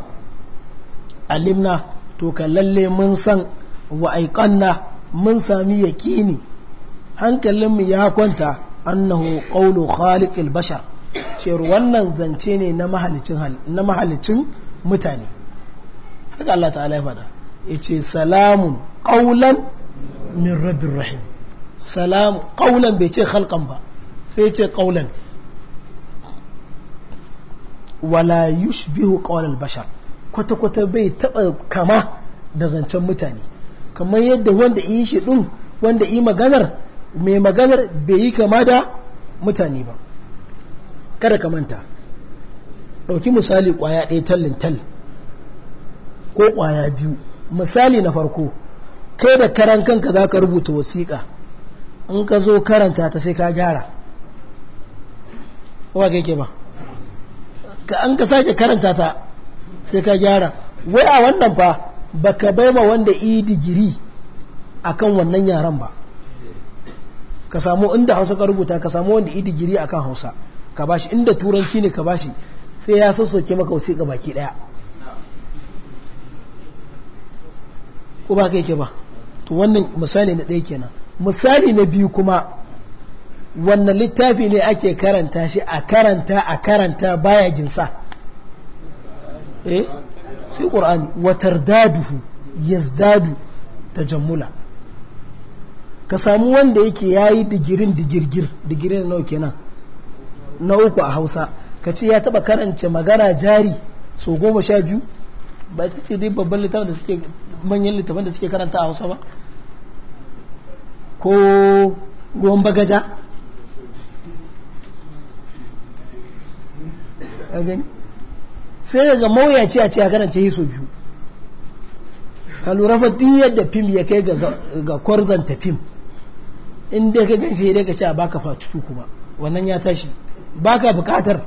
alimna to kallalle mun san wa'aiƙanna mun sami yakini hankalinmu ya kwanta annahu ƙaunar khaliƙil bashar cewar wannan zance ne na mahalicin mutane haka Allah ta'ala ya fada ya ce salamun ƙaunan min rabin rahim salam ƙaunan bai ce halkan ba sai ce ƙaunan wala yushbihu ƙaunan bashar kwata-kwata bai taɓa kama da zancen mutane kamar yadda wanda yi shi ɗin wanda yi maganar mai maganar bai yi kama da mutane ba kada ka manta ɗauki misali ƙwaya ɗaya tallin tal ko ƙwaya biyu misali na farko kai da karan kanka za ka rubuta wasiƙa in ka zo karanta ta sai ka gyara ba kai ke ba ka an ka sake karanta ta sai ka gyara wai a wannan fa baka bai ma wanda yi e digiri akan wannan yaran ba ka samu inda hausa ka rubuta ka samu wanda yi e digiri akan hausa ka bashi inda turanci ne ka bashi sai ya sassoke maka wasiƙa baki ɗaya ko ba ka ke ba to wannan misali na ɗaya kenan misali na biyu kuma wannan littafi ne ake karanta shi a karanta a karanta baya ginsa eh sai qur'ani watar daduhu yazdadu tajammula ka samu wanda yake yayi yi digirin digirgir digirin nau kenan na uku a hausa ka ce ya taba karance magana jari so goma sha biyu ba ta ce dai babban littafin da suke manyan littafin da suke karanta a hausa ba ko ruwan bagaja sai daga mawuyaci a ce a karanta yi so biyu kalurafa din yadda fim ya kai ga kwarzanta fim in dai ka gan shi dai ka ce a baka fatutu kuma wannan ya tashi baka bukatar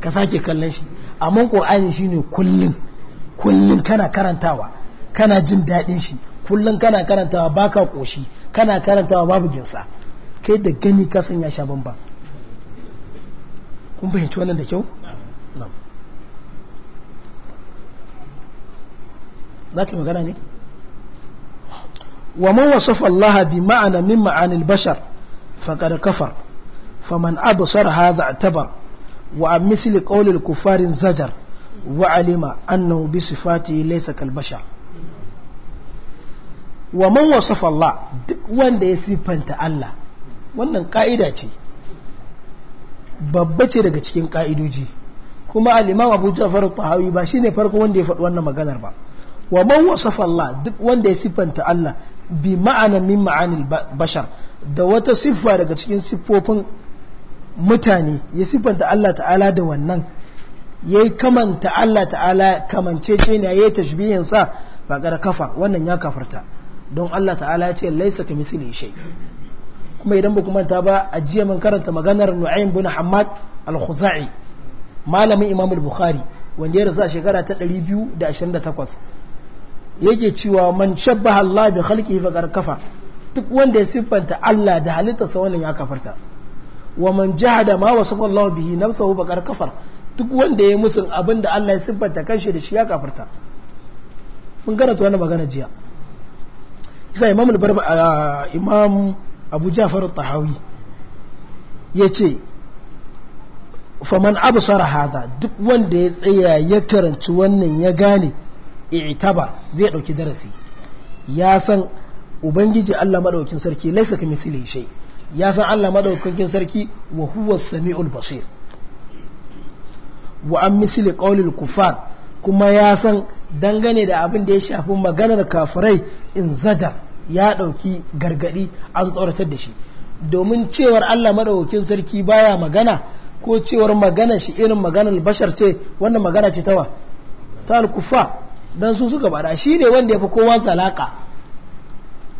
ka sake kallon shi amma shi shine kullum kullum kana karantawa kana jin daɗin shi kullum kana karantawa baka ƙoshi kana karantawa babu ginsa kai da gani ka sanya sha bamban kun fahimci wannan da kyau za ki magana ne wa man wasafa Allah bi ma'ana min ma'anil bashar faqad kafar faman absar hadha atabar wa an misli qawli al-kuffar zajar wa alima annahu bi sifatihi laysa kal bashar wa man wasafa Allah duk wanda ya sifanta Allah wannan ka'ida ce babba ce daga cikin ka'idoji kuma al-imam Abu Ja'far tahawi ba shine farko wanda ya faɗi wannan maganar ba wa man wasafa Allah duk wanda ya siffanta Allah bi ma'ana min ma'anil bashar da wata siffa daga cikin siffofin mutane ya siffanta Allah ta'ala da wannan yayi kamanta Allah ta'ala kamancece ne yayi tashbihin sa ba gara kafa wannan ya kafarta don Allah ta'ala ya ce laisa kamithlihi shay kuma idan ba manta ba a jiya mun karanta maganar nu'aym bin hammad al-khuzai malamin imam al-bukhari wanda ya rasu a shekara ta 228 yake cewa man shabbaha Allah bi fa faqad kafar duk wanda ya siffanta Allah da sa wannan ya kafarta wa man jahada ma wasafa Allah bihi nafsuhu faqad kafar duk wanda ya musun abinda Allah ya siffanta kanshi da shi ya kafarta mun karanta wannan magana jiya isa imam al-barba ah, imam abu jafar tahawi ya ce faman abu hada duk wanda ya tsaya ya karanci wannan ya gane i'taba zai dauki darasi ya san ubangiji Allah maɗaukin sarki laisa kamithlihi shai ya san Allah madaukakin sarki wa huwa samiul basir wa an misli ƙaunin kufar kuma ya san dangane da abin da ya shafi maganar kafirai in zajar ya ɗauki gargaɗi an tsoratar da shi domin cewar Allah maɗaukin sarki baya magana ko cewar magana shi irin maganar bashar ce wannan magana ce tawa ta alkufa don su suka bada shi ne wanda ya fi kowa salaka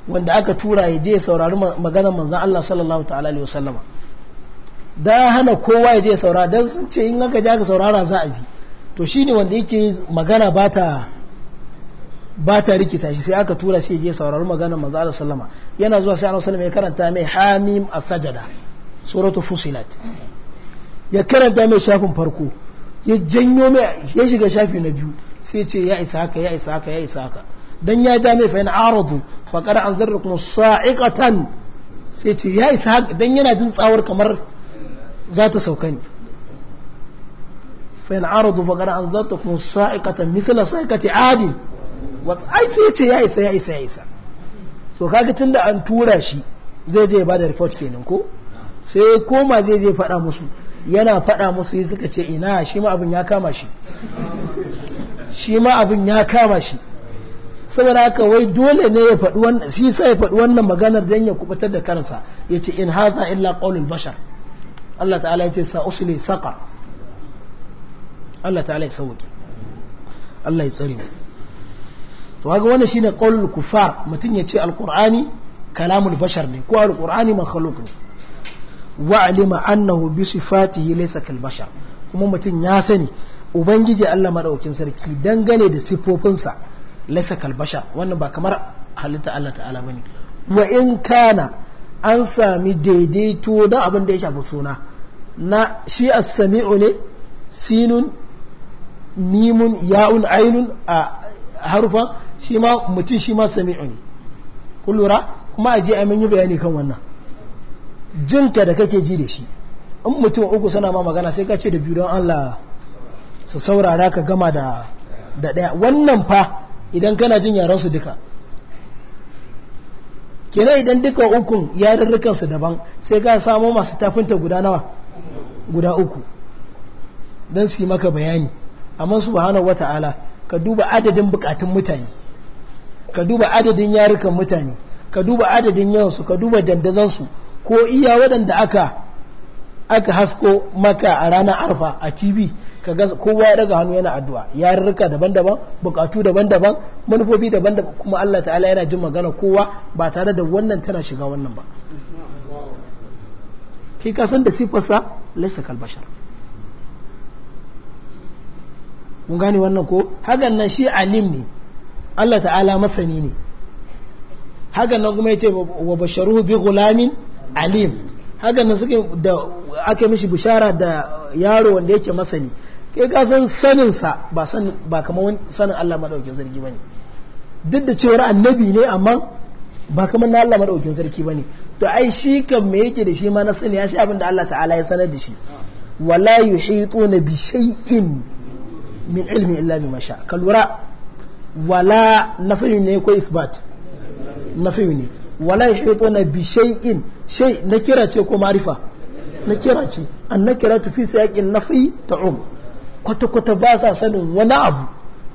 wanda aka tura ya je saurari maganar manzan Allah sallallahu ta'ala alaihi wasallama da hana kowa ya je saurara don sun ce in aka je aka saurara za a bi to shi ne wanda yake magana ba ta ba ta rikita shi sai aka tura shi je sauraron maganar manzo Allah sallama yana zuwa sai Allah sallama ya karanta mai hamim as-sajada suratul fusilat ya karanta mai shafin farko ya janyo mai ya shiga shafi na biyu sai ce ya isa haka ya isa haka ya isa haka dan ya ja mai fa in aradu fa qad anzarakum sa'iqatan sai ce ya isa haka dan yana jin tsawar kamar za ta sauka ne fa in aradu fa qad anzarakum sa'iqatan mithla sa'iqati adin ai sai ya ce ya isa ya isa ya isa so kaga tunda an tura shi zai je ba da report kenan ko sai ya koma zai je faɗa musu yana faɗa musu yi suka ce ina shi ma abin ya kama shi shi ma abin ya kama shi saboda haka wai dole ne ya faɗi wannan shi sai ya faɗi wannan maganar dan ya kubutar da kansa yace in haza illa qaulul bashar Allah ta'ala yace sa usli saqa Allah ta'ala ya sauke Allah ya tsare mu to kaga wannan shine qaulul kufar mutun yace alqur'ani kalamul bashar ne ko alqur'ani makhluq ne wa alima annahu bi sifatihi laysa kal bashar kuma mutun ya sani ubangiji Allah madaukin sarki dangane da sifofinsa laysa kal bashar wannan ba kamar halitta Allah ta'ala bane wa in kana an sami daidaito da abin da ya shafi suna na shi as-sami'u ne sinun mimun ya'un ainun a harufan shi ma mutum shi ma sami'u ne kuma aje a yi bayani kan wannan jinta da kake ji da shi in mutum uku suna ma magana sai ka ce da biyu don Allah su saurara ka gama da daya wannan fa idan kana jin yaran su duka kenan idan duka ukun yarurrukan su daban sai ka samo masu tafinta guda nawa guda uku don su yi maka bayani amma subhanahu wata'ala ka duba adadin bukatun mutane ka duba adadin yarukan mutane ka duba adadin yawansu ka duba dandazansu ko iya waɗanda aka aka hasko maka a ranar arfa a tv ka ga kowa ya daga hannu yana addu'a yarurruka daban-daban bukatu daban-daban manufofi daban-daban kuma Allah ta'ala yana jin magana kowa ba tare da wannan tana shiga wannan ba kika kasan da sifarsa laisa kalbashar mun gane wannan ko hagan nan shi alim ne Allah ta'ala masani ne hagan nan kuma yace wa basharuhu bi gulamin alim hagan nan suke da ake mishi bishara da yaro wanda yake masani kai ka san sanin sa ba san ba kamar sanin Allah madaukin sarki bane duk da cewa annabi ne amma ba kamar na Allah madaukin sarki bane to ai shi kan me yake da shi ma na sani ya shi abinda Allah ta'ala ya sanar da shi wala yuhituna bi shay'in min ilmi illa bi masha ka lura wala nafi ne ko isbat nafi ne wala yahituna bi shay'in shay na kira ce ko marifa na kira ce an na kira fi sayaqin nafi ta'um kwata kwata ba sa sanin wani abu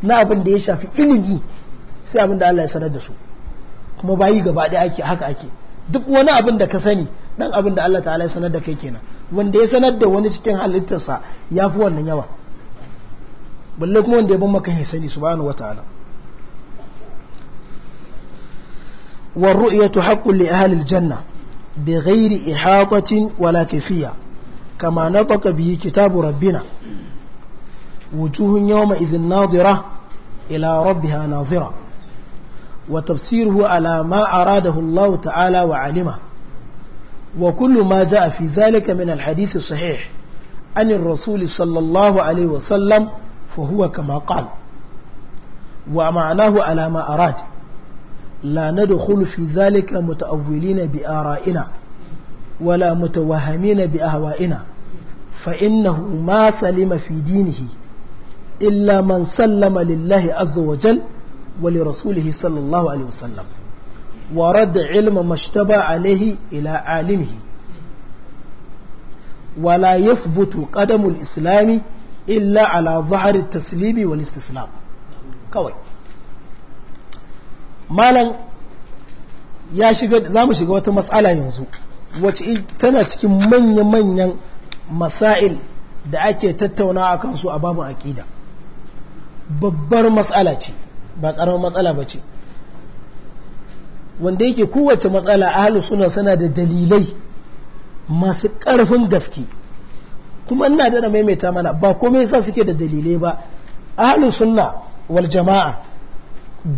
na abin da ya shafi ilimi sai abin da Allah ya sanar da su kuma bayi gaba ɗaya ake haka ake duk wani abin da ka sani dan abin da Allah ta'ala ya sanar da kai kenan wanda ya sanar da wani cikin halittarsa ya fi wannan yawa balle kuma wanda ya ban maka hisani subhanahu wataala والرؤية حق لأهل الجنة بغير إحاطة ولا كفية كما نطق به كتاب ربنا وجوه يومئذ ناظرة إلى ربها ناظرة وتفسيره على ما أراده الله تعالى وعلمه وكل ما جاء في ذلك من الحديث الصحيح عن الرسول صلى الله عليه وسلم fa huwa kama qal wa ma'anahu ala ma arad la nadkhulu fi dhalika muta'awwilina bi ara'ina wala mutawahhimina bi ahwa'ina fa innahu ma salima fi dinihi illa man sallama lillahi azza wa jal wa rasulihi sallallahu alaihi wasallam wa radda ilma mashtaba alaihi ila alimihi ولا يثبت قدم الإسلام illa ala zahar taslimi wal istislam kawai malam ya shiga za mu shiga wata matsala yanzu wacce tana cikin manya-manyan masail da ake tattauna a su a babu aƙida babbar matsala ce ba ƙaramin matsala ba ce wanda yake kowace matsala ahalu suna suna da dalilai masu ƙarfin gaske kuma ina da maimaita mana ba komai yasa suke da dalilai ba ahlus sunna wal jama'a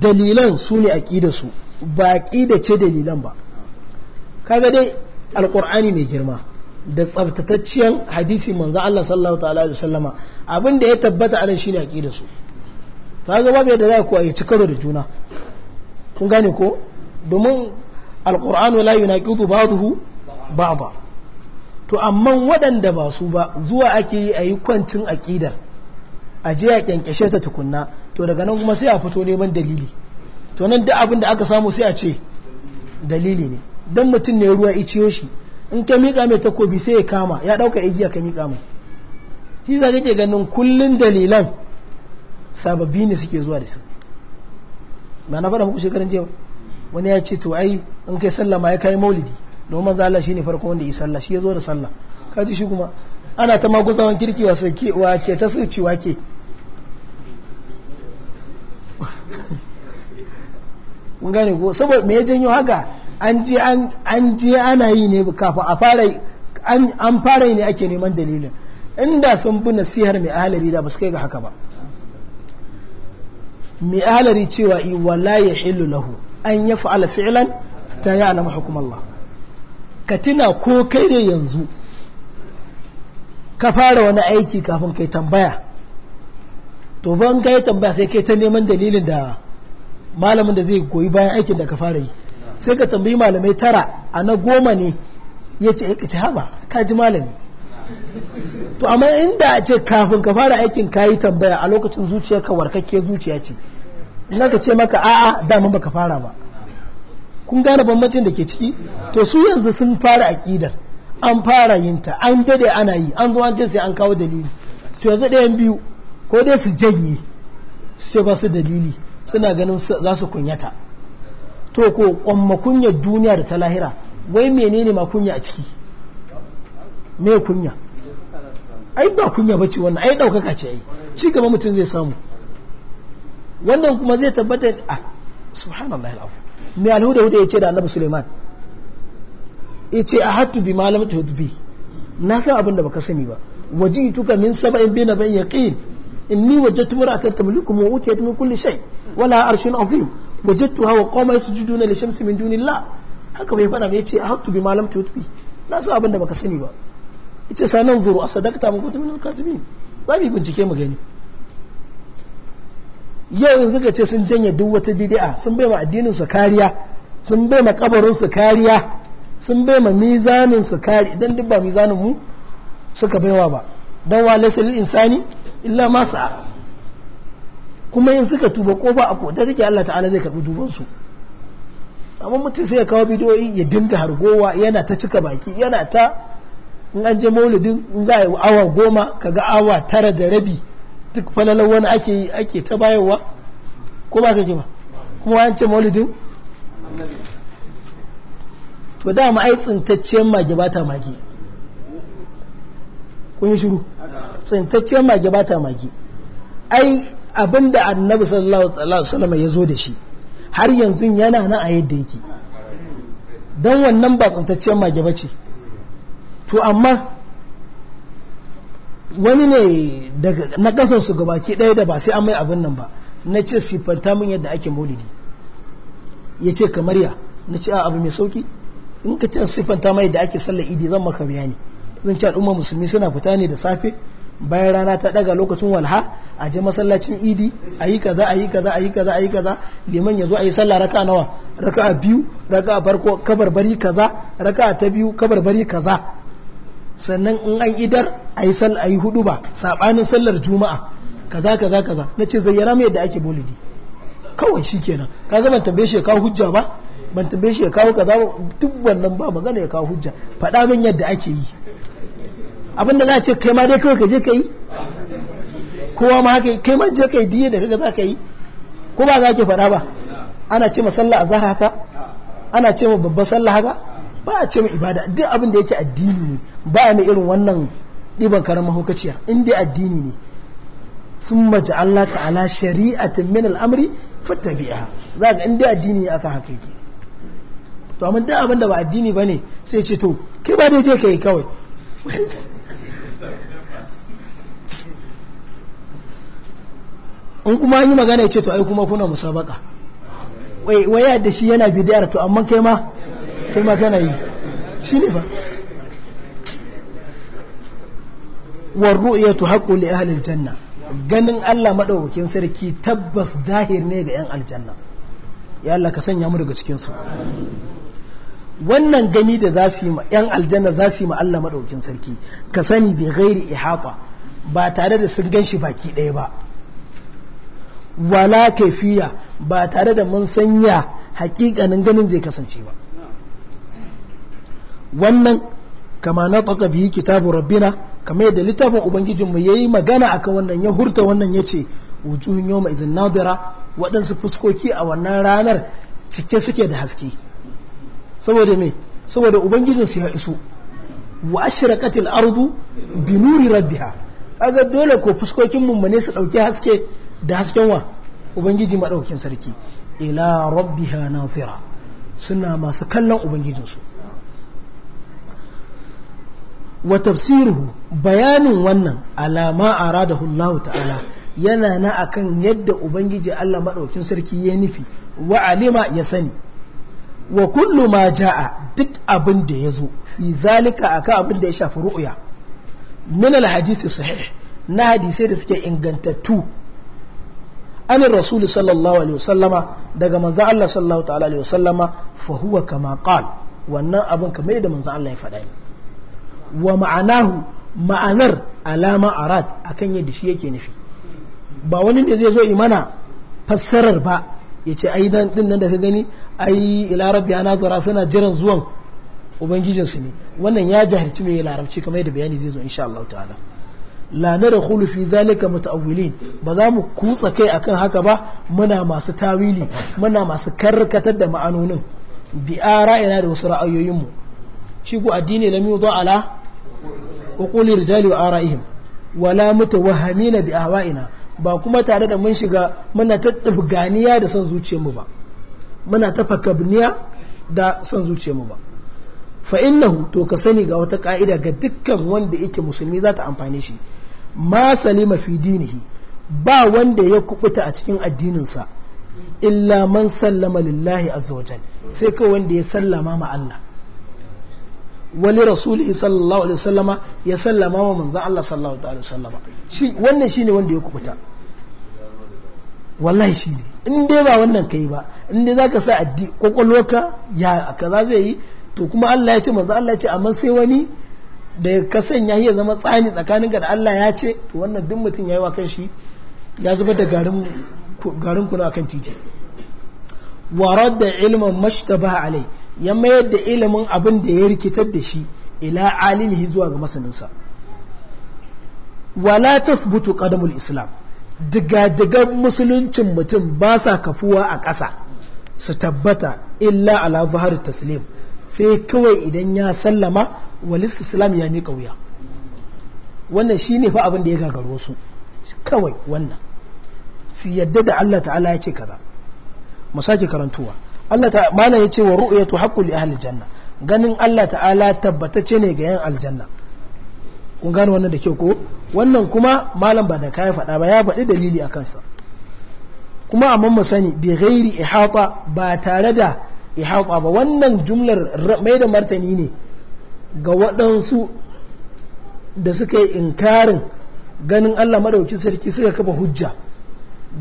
dalilan su ne aqida su ba aqida ce dalilan ba kaga dai alqur'ani mai girma da tsabtatacciyan hadisi manzo Allah sallallahu ta'ala alaihi wasallama abin da ya tabbata anan shine aqida su kaga babu da za ku ayi cikaro da juna kun gane ko domin alqur'anu la yunaqidu ba'dahu ba'dahu to amma waɗanda ba su ba zuwa ake yi a yi kwancin aƙidar a je a ƙyanƙyashe ta tukunna to daga nan kuma sai a fito neman dalili to nan duk abin da aka samu sai a ce dalili ne don mutum ne ruwa iciyo shi in ka miƙa mai takobi sai ya kama ya ɗauka igiya ka miƙa mai shi za ke ganin kullun dalilan sababbi ne suke zuwa da su ba na faɗa muku shekarun jiya wani ya ce to ai in kai sallama ya kai maulidi don manzo Allah ne farko wanda yi sallah shi ya zo da sallah kaji shi kuma ana ta ma gusawan kirki wa sarki ta su ci wake [laughs] mun gane ko saboda me ya janyo haka an je an ana yi ne kafin a fara an an fara ne ake neman dalilin inda sun bi nasihar mai ahalari da ba su kai ga haka ba mai ahalari cewa iwala wala ya hillu lahu an ya fa'ala fi'lan ta ya alama hukum Allah ka tuna ko kai ne yanzu ka fara wani aiki kafin kai tambaya to ban kai tambaya sai kai ta neman dalilin da malamin da zai goyi bayan aikin da ka fara yi sai ka tambayi malamai tara a na goma ne ya ce eh, ka ci haba ka ji malami to amma inda a ce kafin ka fara aikin ka yi tambaya a lokacin zuciya ka warkakke zuciya ce na ka ce maka a'a daman baka fara ba kun gane bambancin da ke ciki to su yanzu sun fara aƙidar an fara yin ta an dade ana yi an zo an ce sai an kawo dalili to yanzu ɗayan biyu ko dai su janye ce ba su dalili suna ganin za su kunyata to ko kwamma kunyar duniya da ta lahira wai menene ma kunya a ciki me kunya ai ba kunya bace wannan ai daukaka ce ai ci gaba mutum zai samu wannan kuma zai tabbata a ah, subhanallahi alazim mai alhuda hudu ya ce da annabi suleiman ya ce a hatu bi malam bi na san abin da baka sani ba waje yi tuka min saba'in bi na ban yaqin inni wajadtu mar'atan tamlikum wa wuce min kulli shai wala arshun azim hawa wa qawma yasjuduna li shamsi min dunillah haka bai fada ya ce a hatu bi malam bi na san abin da baka sani ba ya ce sanan zuru asadakta mun kuntum min al ba za bincike mu gani yau yanzu ce sun janye duk wata bid'a sun bai ma addinin su kariya sun bai ma kabarin su kariya sun bai ma mizanin su kariya idan duk ba mizanin mu suka baiwa ba dan wa lasal insani illa ma sa'a kuma in suka tuba ko ba a da take Allah ta'ala zai karbi duban su amma mutum sai ya kawo bidiyoyi ya dinga hargowa yana ta cika baki yana ta in an je maulidin in za a yi awa goma kaga awa tara da rabi duk falalar wani ake yi ake ta bayarwa ko ba kake ba kuma wayan ce maulidin to da ma ai tsintacciyar mage ba ta mage kun yi shiru tsintacciyar mage ba ta mage ai abinda annabi sallallahu alaihi wasallam ya zo da shi har yanzu yana nan a yadda yake don wannan ba tsintacciyar mage ba ce to amma wani ne daga na kasar su gabaki ɗaya da ba sai an mai abin nan ba na ce siffanta min yadda ake maulidi ya ce kamar ya na ce abu mai sauki in ka ce siffanta mai yadda ake sallar idi zan maka bayani zan ce al'umma musulmi suna fita ne da safe bayan rana ta ɗaga lokacin walha a je masallacin idi a yi kaza a yi kaza a yi kaza a yi kaza liman ya zo a yi sallah raka nawa raka biyu raka farko kabarbari kaza raka ta biyu kabarbari kaza sannan in an idar a yi sal a yi hudu ba saɓanin sallar juma'a kaza kaza kaza na ce zayyana mai yadda ake bolidi kawai shi kenan kaga ban tambaye shi ya kawo hujja ba ban tambaye shi ya kawo kaza ba duk wannan ba magana ya kawo hujja faɗa min yadda ake yi abinda za a ce kai ma dai kawai ka je ka yi kowa ma haka kai ma je ka yi diye da kaga za ka yi ko ba za ke faɗa ba ana ce ma sallah a zahar haka ana ce ma babbar sallah haka ba a ce mai ibada duk abin da yake addini ne ba a irin wannan ɗiban karar mahaukaciya in dai addini ne sun maji Allah ka ala shari'atin min al'amri fata biya za ga in dai addini ne aka haka yake to amma duk abin da ba addini ba ne sai ce to ke ba dai je ka yi kawai in kuma an yi magana ya ce to ai kuma kuna musabaka wai waya da shi yana bidiyar to amma kai ma kai magana kana yi shi ne fa li aljanna ganin Allah madaukakin sarki tabbas zahir ne ga yan aljanna ya Allah ka sanya mu daga cikin su wannan gani da za su yi ma yan aljanna za su yi ma Allah madaukakin sarki ka sani gairi ghairi ihata ba tare da sun ganshi baki ɗaya ba wala kaifiya ba tare da mun sanya hakikanin ganin zai kasance ba wannan kama na tsaka biyi kitabu rabbina kama yadda littafin ubangijinmu ya yi magana akan wannan ya hurta wannan ya ce wujuhun yau mai izin waɗansu fuskoki a wannan ranar cike suke da haske saboda me saboda su ya iso wa ashraqatil ardu bi nuri rabbiha kaga dole ko fuskokin ne su dauki haske da hasken wa ubangiji madaukin sarki ila rabbiha nazira suna masu kallon ubangijinsu wa tafsiruhu bayanin wannan alama da Allah ta'ala yana na akan yadda ubangiji Allah maɗaukin sarki ya nufi wa alima ya sani wa kullu ma jaa duk abin da zo fi zalika aka abin da ya shafi ru'uya min alhadith sahih na hadisai da suke ingantattu an rasul sallallahu alaihi wasallama daga manzo Allah sallallahu ta'ala alaihi wasallama fa huwa kama qala wannan abin kamar yadda manzo Allah ya faɗa ne wa ma'anahu ma'anar alama arat akan yadda shi yake nufi ba wani da zai zo imana fassarar ba ya ce ai dan din nan da ka gani ai ila rabbi ana zara suna jiran zuwan ubangijin su ne wannan ya jahilci mai larabci kamar yadda bayani zai zo insha Allah ta'ala la nadkhulu fi zalika muta'awwilin ba za mu kutsa kai akan haka ba muna masu tawili muna masu karkatar da ma'anonin bi ara'ina da wasu ra'ayoyinmu shi ku addini lam yudha ala wa qul rijali wa ara'ihim wala mutawahhamina bi ahwa'ina ba kuma tare da mun shiga muna ta da son zuciyarmu ba muna ta fakabniya da son mu ba fa innahu to ka sani ga wata ka'ida ga dukkan wanda yake musulmi za ta amfane shi ma salima fi dinihi ba wanda ya kubuta a cikin addininsa illa man sallama lillahi azza wajal sai kawai wanda ya sallama ma Allah Wani rasuli sallallahu alaihi wasallama ya sallama wa manzon Allah sallallahu alaihi wasallama shi wannan shine wanda ya kubuta wallahi shi ne in dai ba wannan kai ba in dai zaka sa addi kokolwarka ya kaza zai yi to kuma Allah ya ce manzo Allah ya ce amma sai wani da ka sanya ya zama tsani tsakanin ga da Allah ya ce to wannan duk mutum yayi wa kanshi ya zubar da garin garin kuna akan titi wa radda ilman mashtabaha alai ya mayar da ilimin abin da ya rikitar da shi ila alimihi zuwa ga masaninsa wala tathbutu qadamul islam digadigan musuluncin mutum ba sa kafuwa a ƙasa su tabbata illa ala zahar taslim sai kawai idan ya sallama walis islam ya mika wuya wannan shine fa abin da ya gagaro su kawai wannan su yadda da Allah ta'ala ya ce kaza mu sake karantuwa Allah ta malam yace wa ru'yatu haqqu li ahli janna ganin Allah ta'ala tabbatacce ne ga yan aljanna kun gano wannan da kyau ko wannan kuma malam ba da kai faɗa ba ya faɗi dalili a kansa kuma amma mu sani bi ghairi ihata ba tare da ihata ba wannan jumlar mai da martani ne ga waɗansu da suka yi inkarin ganin Allah madaukin sarki suka kafa hujja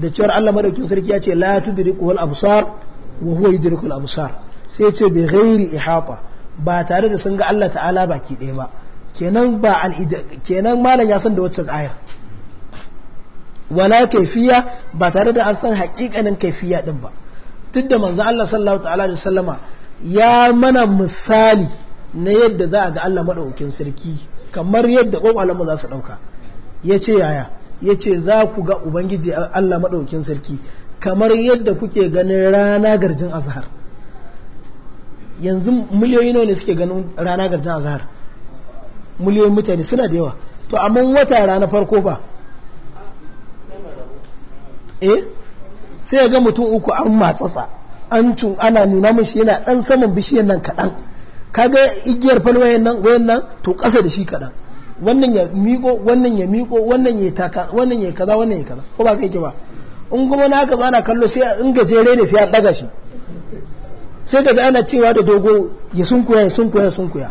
da cewar Allah madaukin sarki ya ce la tudriku al absar wa huwa yudrikul absar sai yace bi ghairi ihata ba tare da sun ga Allah ta'ala baki ɗaya ba kenan ba al kenan malam ya san da waccan ayar wala kaifiya ba tare da an san haƙiƙanin kaifiya din ba duk da manzo Allah sallallahu ta'ala alaihi wasallama ya mana misali na yadda za a ga Allah madaukakin sarki kamar yadda kokwalan mu za su dauka yace yaya yace za ku ga ubangiji Allah maɗaukin sarki kamar yadda kuke ganin rana garjin azhar yanzu miliyoyi ne suke ganin rana garjin azhar miliyoyin mutane suna da yawa to amma wata rana farko ba eh sai ga mutum uku an matsatsa an cun ana nuna mishi yana dan saman bishiyar nan kaɗan kaga igiyar falwayen nan wayan nan to ƙasa da shi kaɗan wannan ya miko wannan ya miko wannan ya taka wannan ya kaza wannan ya kaza ko ba kai ke ba in kuma na haka ana kallo sai in gajere ne sai an daga shi sai ka zana cewa da dogo ya sunkuya ya sunkuya ya sunkuya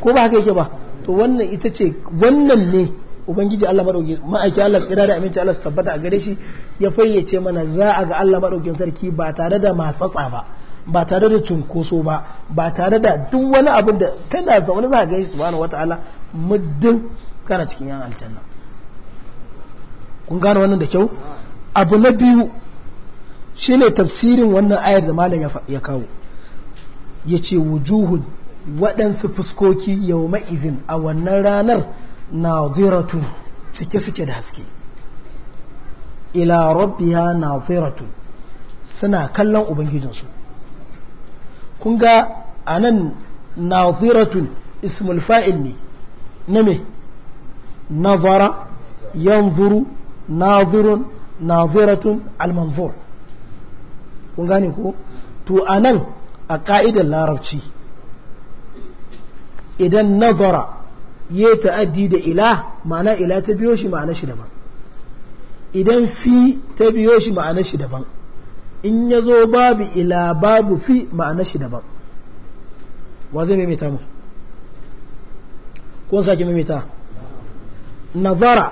ko ba haka yake ba to wannan ita ce wannan ne ubangiji Allah madauki ma'aiki Allah tsira da aminci Allah su tabbata a gare shi ya fayyace mana za a ga Allah madaukin sarki ba tare da matsatsa ba ba tare da cunkoso ba ba tare da duk wani abin da kana zaune za ka gani subhanahu wataala muddin kana cikin yan aljanna kun gane wannan da kyau abu na biyu shine tafsirin wannan ayar da malam ya kawo ya ce wujuhun waɗansu fuskoki yau ma'izin a wannan ranar na ziratu suke-suke da haske ila na ziratu suna kallon ubangijinsu kun ga a nan na ziratu ismul fa'il ne na me nazara yanzuru nazirun naziratun almanzur kun gane ko to a nan a ka'idar larabci idan nazara ya ta'addi da ila ma'ana ila ta biyo shi ma'ana shi daban idan fi ta biyo shi ma'ana shi daban in ya zo babu ila babu fi ma'ana shi daban wa zai maimaita mu kun sake maimaita nazara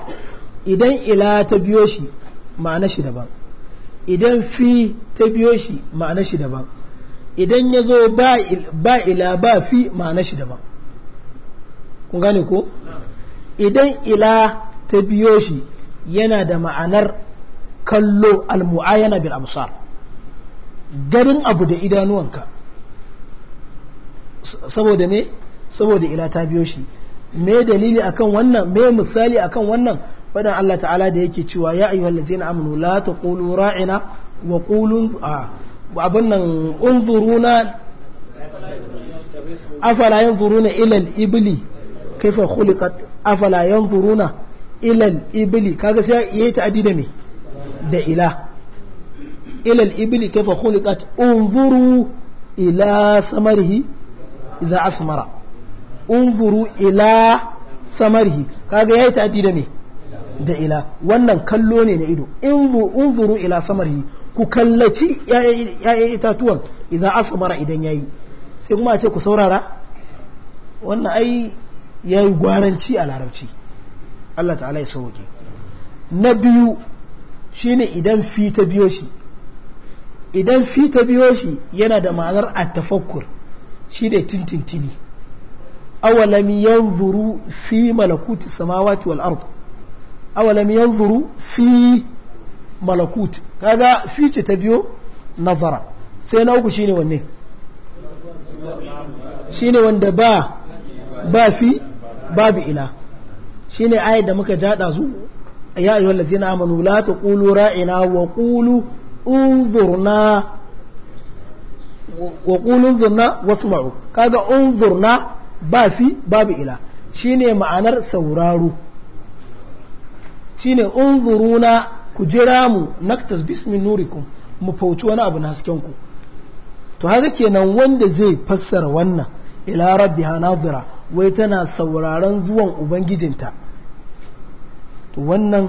idan ila ta biyo shi ma'ana shi daban idan fi ta biyo shi ma'ana shi daban idan ya zo ba ila ba fi ma'ana shi daban kun gane ko idan ila ta biyo shi yana da ma'anar kallo almu'ayana bil amsar garin abu da idanuwanka saboda me saboda ila ta biyo shi me dalili akan wannan me misali akan wannan fadan Allah ta'ala da yake cewa ya ayyuhal ladzina amanu la taqulu ra'ina wa qulu abin nan unzuruna afala yanzuruna ila al-ibli kaifa khuliqat afala yanzuruna ila al-ibli kaga sai yayi ta'addi da me da ila ila al-ibli kaifa khuliqat unzuru ila samarihi idza asmara unzuru ila samarihi kaga yayi ta'addi da me da ila wannan kallo ne na ido in unzuru ila yi ku kallaci ya'yan itatuwan idan asmara idan yayi sai kuma a ce ku saurara wannan ai yayi gwaranci a larabci Allah ta'ala ya sauke na biyu shine idan fi ta biyo shi idan fi ta biyo shi yana da ma'anar at-tafakkur shi ne tintintini awalam yanzuru fi malakuti samawati wal ardh awalam yanzuru fi malakut kaga fi ce ta biyo nazara sai na uku shine wanne shine wanda ba ba fi babu ila shine ayat da muka jada su ya ayyuhal ladzina amanu la taqulu ra'ina wa qulu unzurna wa qulu unzurna wasma'u kaga unzurna ba fi babu ila shine ma'anar sauraro shine unzuruna ku jira mu naktas bismin nurikum mu fauci wani abu na hasken ku to haka kenan wanda zai fassara wannan ila rabbiha nadira wai tana sauraron zuwan ubangijinta to wannan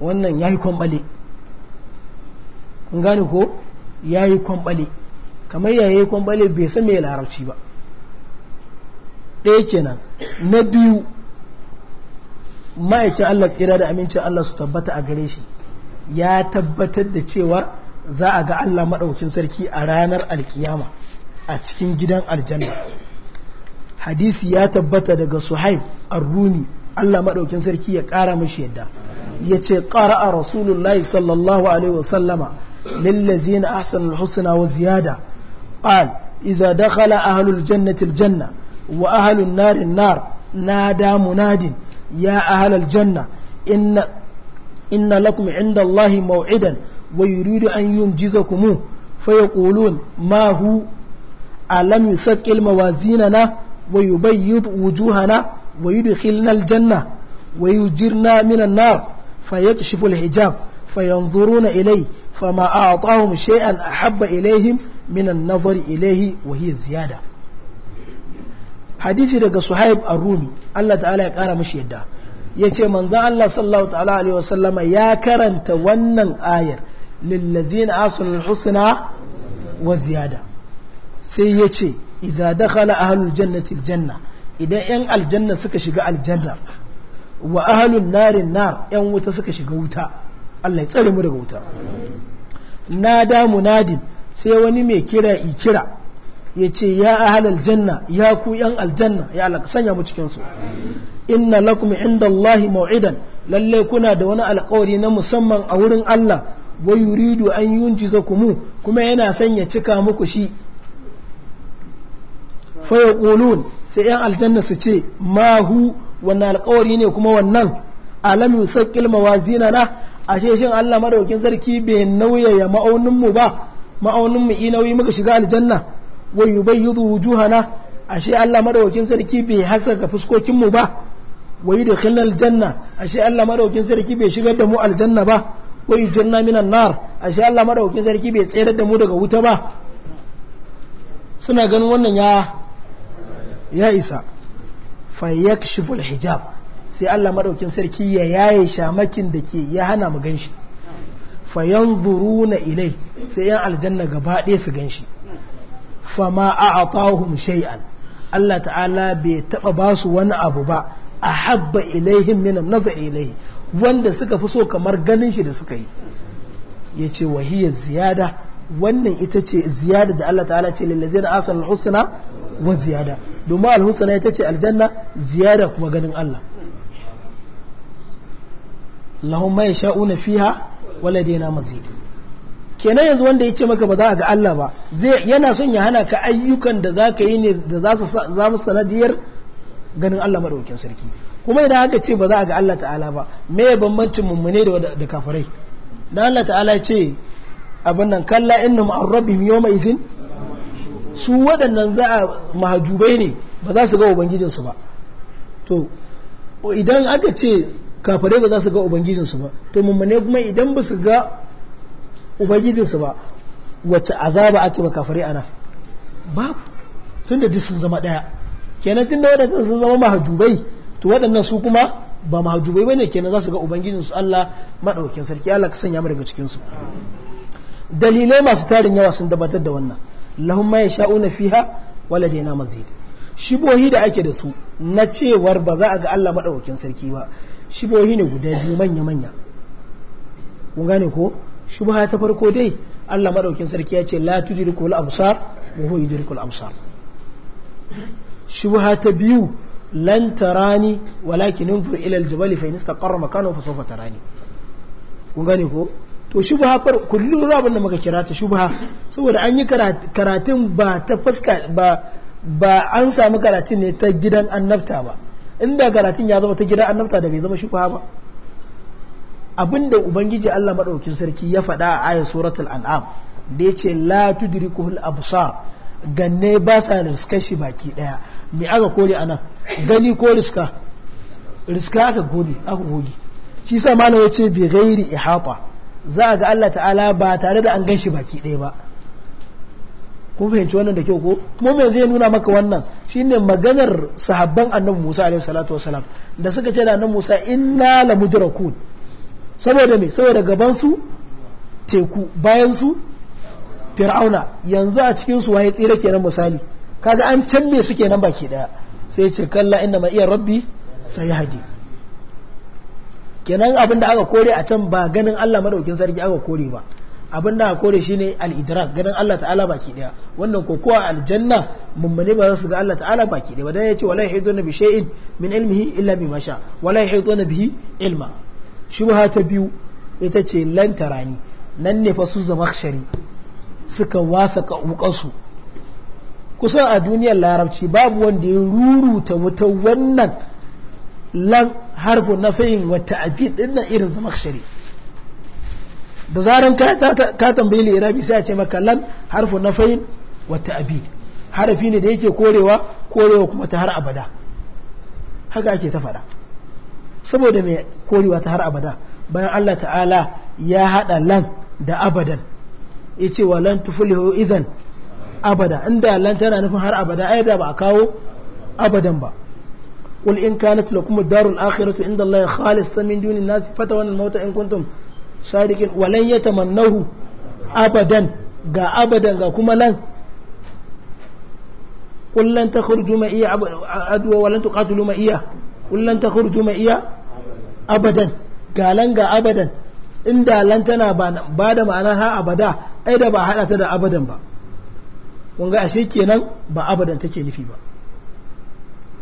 wannan yayi kwambale kun gane ko yayi kwambale kamar yayi kwambale bai san me larabci ba ɗaya kenan na biyu ma'aikin Allah tsira da amincin Allah su tabbata a gare shi ya tabbatar da cewar za a ga Allah maɗaukin sarki a ranar alkiyama a cikin gidan aljanna hadisi ya tabbata daga suhaib arruni Allah maɗaukin sarki ya ƙara mashi yadda ya ce ƙara a rasulullahi sallallahu alaihi wasallama lallazi na ahsanul husna wa ziyada قال إذا دخل أهل الجنة الجنة وأهل nar na damu nadin. ya ahalar janna inna lakum inda allahi maw'idan wa yuridu an yunjizakum fa yaqulun ma hu alam yusaqqil mawazinana wa yubayyid wujuhana wa yudkhilna aljanna wa yujirna minan nar fayakshifu alhijab fayanzuruna ilayhi فما a شيئا ilaihim minan nazari ilaihi إليه ziyada hadisi daga suhaib a rumi. Allah ta'ala ya ƙara mashi yadda ya ce manzan Allah sallallahu ta'ala alaihi wasallama ya karanta wannan ayar lillazina asul husna wa ziyada sai ya ce idza dakhala ahlul jannati aljanna idan yan aljanna suka shiga aljanna wa ahlun narin nar yan wuta suka shiga wuta Allah ya tsare mu daga wuta nada munadin sai wani mai kira ikira ya ce ya ahalar janna ya ku yan aljanna ya sanya mu cikinsu su inna lakum Allahi ma'idan lallai kuna da wani alƙawari na musamman a wurin Allah wai yuridu an yunjizakum kuma yana sanya cika muku shi fa yaqulun sai yan aljanna su ce ma hu wannan alƙawari ne kuma wannan alamin sakil mawazina na a shin Allah madaukin sarki bai nauyaya ma'auninmu ba ma'auninmu mu nauyi muka shiga aljanna wa yubayyidu wujuhana ashe Allah madaukakin sarki bai haskaka fuskokin mu ba da yudkhilna Janna ashe Allah madaukakin sarki bai shigar da mu aljanna ba wa janna minan nar ashe Allah madaukakin sarki bai tsere da mu daga wuta ba suna ganin wannan ya ya isa fa yakshifu alhijab sai Allah madaukakin sarki ya yaye shamakin da ke ya hana mu ganshi fa yanzuruna ilai sai yan aljanna gaba ɗaya su ganshi fama a atahum shay'an Allah ta'ala bai taɓa ba su wani abu ba a habba ilaihin min nazar ilaihi wanda suka fi so kamar ganin shi da suka yi ya ce wahiyar ziyada wannan ita ce ziyada da Allah ta'ala ce lallazai na asan alhussana wa ziyada domin alhussana ita ce aljanna ziyada kuma ganin Allah lahun mai sha'una fiha wala na mazidi kenan yanzu wanda ya ce maka ba za a ga Allah ba yana son ya hana ka ayyukan da za ka yi ne da za su zama sanadiyar ganin Allah madaukin sarki kuma idan aka ce ba za a ga Allah ta'ala ba me bambancin mummune da da kafirai dan Allah ta'ala ce abin nan kalla inna an rabbihim yawma idhin su waɗannan za a mahajubai ne ba za su ga ubangijinsu ba to idan aka ce kafirai ba za su ga ubangijinsu ba to mummune kuma idan ba su ga ubangijinsu ba wacce azaba ake ba kafari ana babu tunda duk sun zama daya kenan da waɗannan sun zama mahajubai to waɗannan su kuma ba mahajubai bane kenan za su ga ubangijinsu Allah maɗaukin sarki Allah ka sanya mu daga cikin su dalilai masu tarin yawa sun dabatar da wannan lahum ma na fiha waladaina mazid shibohi da ake da su na cewar ba za a ga Allah maɗaukin sarki ba shibohi ne guda biyu manya manya kun gane ko shubha ta farko dai Allah madaukin sarki ya ce la tudrikul absar wa huwa yudrikul absar shubha ta biyu lan tarani walakin unzur ila aljabal fa in istaqarra makanahu fa sawfa tarani kun gane ko to shubha far kullum abin da muka kira ta shubha saboda an yi karatun ba ta fuska ba ba an samu karatun ne ta gidan annabta ba inda karatun ya zama ta gidan annabta da bai zama shubha ba abinda ubangiji Allah maɗaukin sarki ya faɗa a ayat suratul an'am da yace la tudrikuhul absar ganne ba sa riska shi baki daya me aka kore anan gani ko riska riska aka gobe aka goge shi sa malam yace bi ghairi ihata za a ga Allah ta'ala ba tare da an gan shi baki daya ba kun fahimci wannan da kyau ko kuma me zai nuna maka wannan shine maganar sahabban annabi Musa alaihi salatu wasalam da suka ce da annabi Musa inna lamudrakun saboda me saboda gabansu teku bayansu fir'auna yanzu a cikinsu waye tsira kenan misali kaga an can canme suke kenan baki daya sai ce kalla inna ma iya rabbi sai hadi kenan abin da aka kore a can ba ganin Allah madaukin sarki aka kore ba abin da aka kore shine al-idrak ganin Allah ta'ala baki daya wannan ko kowa aljanna mummune ba za su ga Allah ta'ala baki daya ba dan yace wala yahiduna bi shay'in min ilmihi illa bima sha wala yahiduna bihi ilma shubha ta biyu ita ce lantarani nan ne fa su shari suka wasa su kusan a duniyar larabci babu wanda ya ruruta wata wannan lan harfu na fayin wata abin dinnan irin zama shari da zaran ka tambayi lirabi sai a ce maka lan harfu na fayin wata abin harafi ne da yake korewa korewa kuma ta har abada haka ake ta faɗa saboda mai korewa ta har abada bayan Allah ta'ala ya hada lan da abadan ya ce wa lan idan abada inda lan tana nufin har abada ai da ba a kawo abadan ba qul in kanat lakum darul akhiratu inda Allah ta min duni nas fatawan al-maut in kuntum sadiqin wa lan yatamannahu abadan ga abadan ga kuma lan kullan takhruju ma iya adwa wa lan tuqatilu ma iya kullum ta kurju mai iya abadan galan ga abadan inda lan tana ba da ma'ana ha abada ai da ba haɗa ta da abadan ba kun ga ashe kenan ba abadan take nufi ba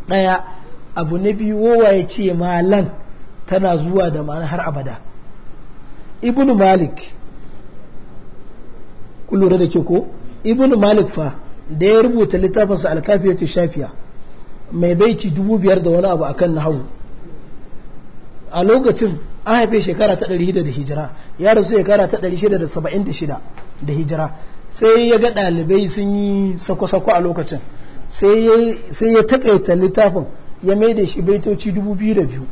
ɗaya abu na biyu wowa ya ce malan tana zuwa da ma'ana har abada ibn malik Kullum da ke ko ibn malik fa da ya rubuta littafinsa alkafiyatu shafiya mai baiti dubu biyar da wani abu akan nahawu a lokacin an haife shekara ta 600 da hijira ya rasu shekara ta shida da saba'in da da shida hijira sai ya ga ɗalibai sun yi sako-sako a lokacin sai ya takaita littafin ya mai da shi baitoci biyu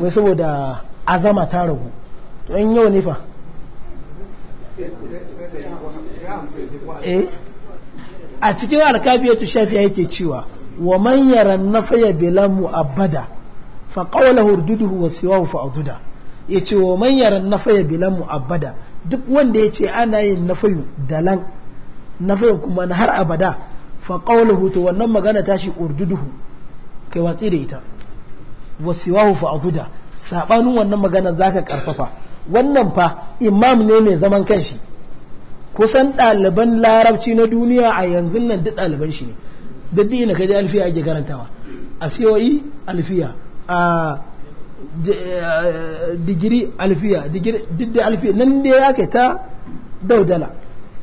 wai saboda azama ta ragu to in yau nifa eh? a cikin alkafiyar shafiya yake cewa wa يرى النفي بلا bila فقوله fa وسواه فأضده wa ومن يرى النفي بلا wa دك وان دي أنا duk wanda نفي ana yin أبدا dalan nafayu kuma na har abada fa qawluhu magana tashi urduduhu watsi da ita wa zaka karfafa wannan fa imam ne mai zaman kanshi kusan ɗaliban larabci na duniya a yanzu nan duk ɗaliban shi ne da dina ka da alfiya ake karantawa a siyoyi alfiya a digiri alfiya digiri da alfiya nan da ya ke ta daudala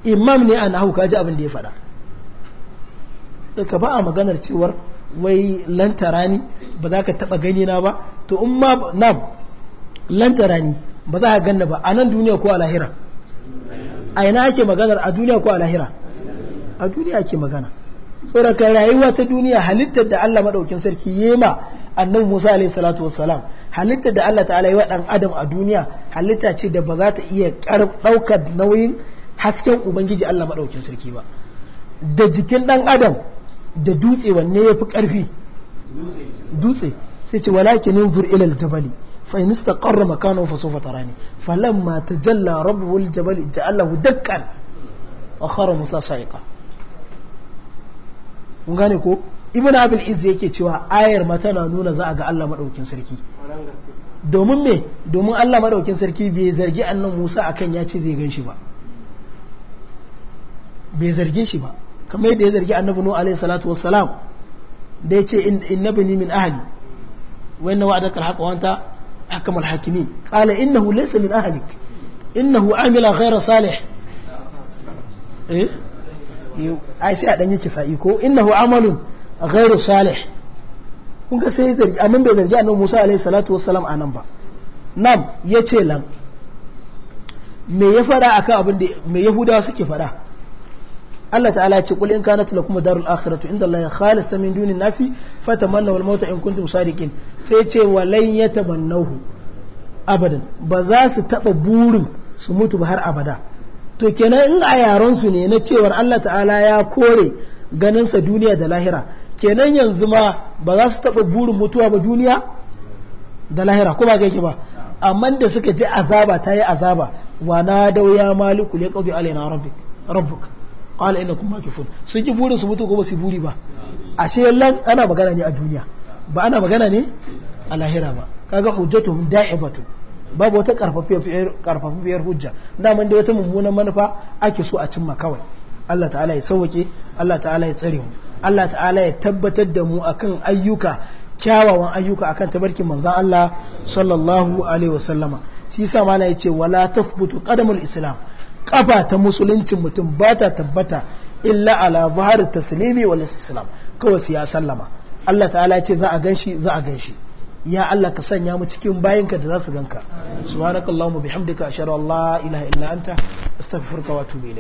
imam ne a nahu kaje abin da ya faɗa ka ba a maganar cewar wai lantara ni ba za ka taɓa gani na ba to in ma na lantara ni ba za ka ganna ba a nan duniya ko a lahira a ina ake maganar a duniya ko a lahira a duniya ake magana tsoraka rayuwa ta duniya halittar da Allah madaukin sarki yema annabi Musa alayhi salatu wassalam halittar da Allah ta'ala yi wa dan adam a duniya halitta ce da ba za ta iya ɗaukar nauyin hasken ubangiji Allah madaukin sarki ba da jikin dan adam da dutse wanne yafi karfi dutse sai ce walakin yanzur ila al-jabali فإن استقر مكانه فسوف تراني فلما تجلى ربه الجبل جعله دكا وخر Musa صعقا kun gane ko ibn abil izz yake cewa ayar ma tana nuna za a ga Allah madaukin sarki domin me domin Allah madaukin sarki bai zargi annan Musa akan ya ce zai ganshi ba bai zarge shi ba kamar yadda ya zargi annabi nuhu alaihi salatu wassalam da ya ce innabini min ahli wa inna wa'adaka alhaqa wa anta ahkamul hakimin qala innahu laysa min ahlik innahu amila ghayra salih eh ai sai a dan yake sa'i ko innahu amalun ghairu salih kun ga sai zargi amma bai zargi annabi Musa alaihi salatu wassalam anan ba nam yace lan me ya fada akan abin da me yahudawa suke fada Allah ta'ala ya ce kul in kanat lakum darul akhiratu inda Allah khalis min dunin nasi fatamanna wal mauta in kuntum sadiqin sai ce walan yatamannahu abadan ba za su taba burin su mutu ba har abada to kenan in a su ne na cewar Allah ta'ala ya kore ganinsa duniya da lahira kenan yanzu ma ba za su taɓa burin mutuwa ba duniya da lahira ko ba gaike ba amma da suka ji azaba ta yi azaba wa na dau ya maliku ya qadi alaina rabbik rabbuk qala innakum makifun sun ji burin su mutu ko ba su buri ba ashe lan ana magana ne a duniya ba ana magana ne a lahira ba kaga hujjatu da'ibatu babu wata karfafafiyar hujja daman da wata mummunan manufa ake so a cimma kawai Allah ta'ala ya sauwake Allah ta'ala ya tsare mu Allah ta'ala ya tabbatar da mu akan ayyuka kyawawan ayyuka akan tabarkin manzon Allah sallallahu alaihi wasallama shi yasa mana yace wala tafbutu qadamul islam kafa ta musuluncin mutum ba ta tabbata illa ala zahar taslimi wal islam kawai sai ya sallama Allah ta'ala ya ce za a ganshi za a ganshi ya Allah ka sanya mu cikin bayinka da za su ganka subhanakallahumma bihamdika ashhadu an la ilaha illa anta astaghfiruka wa atubu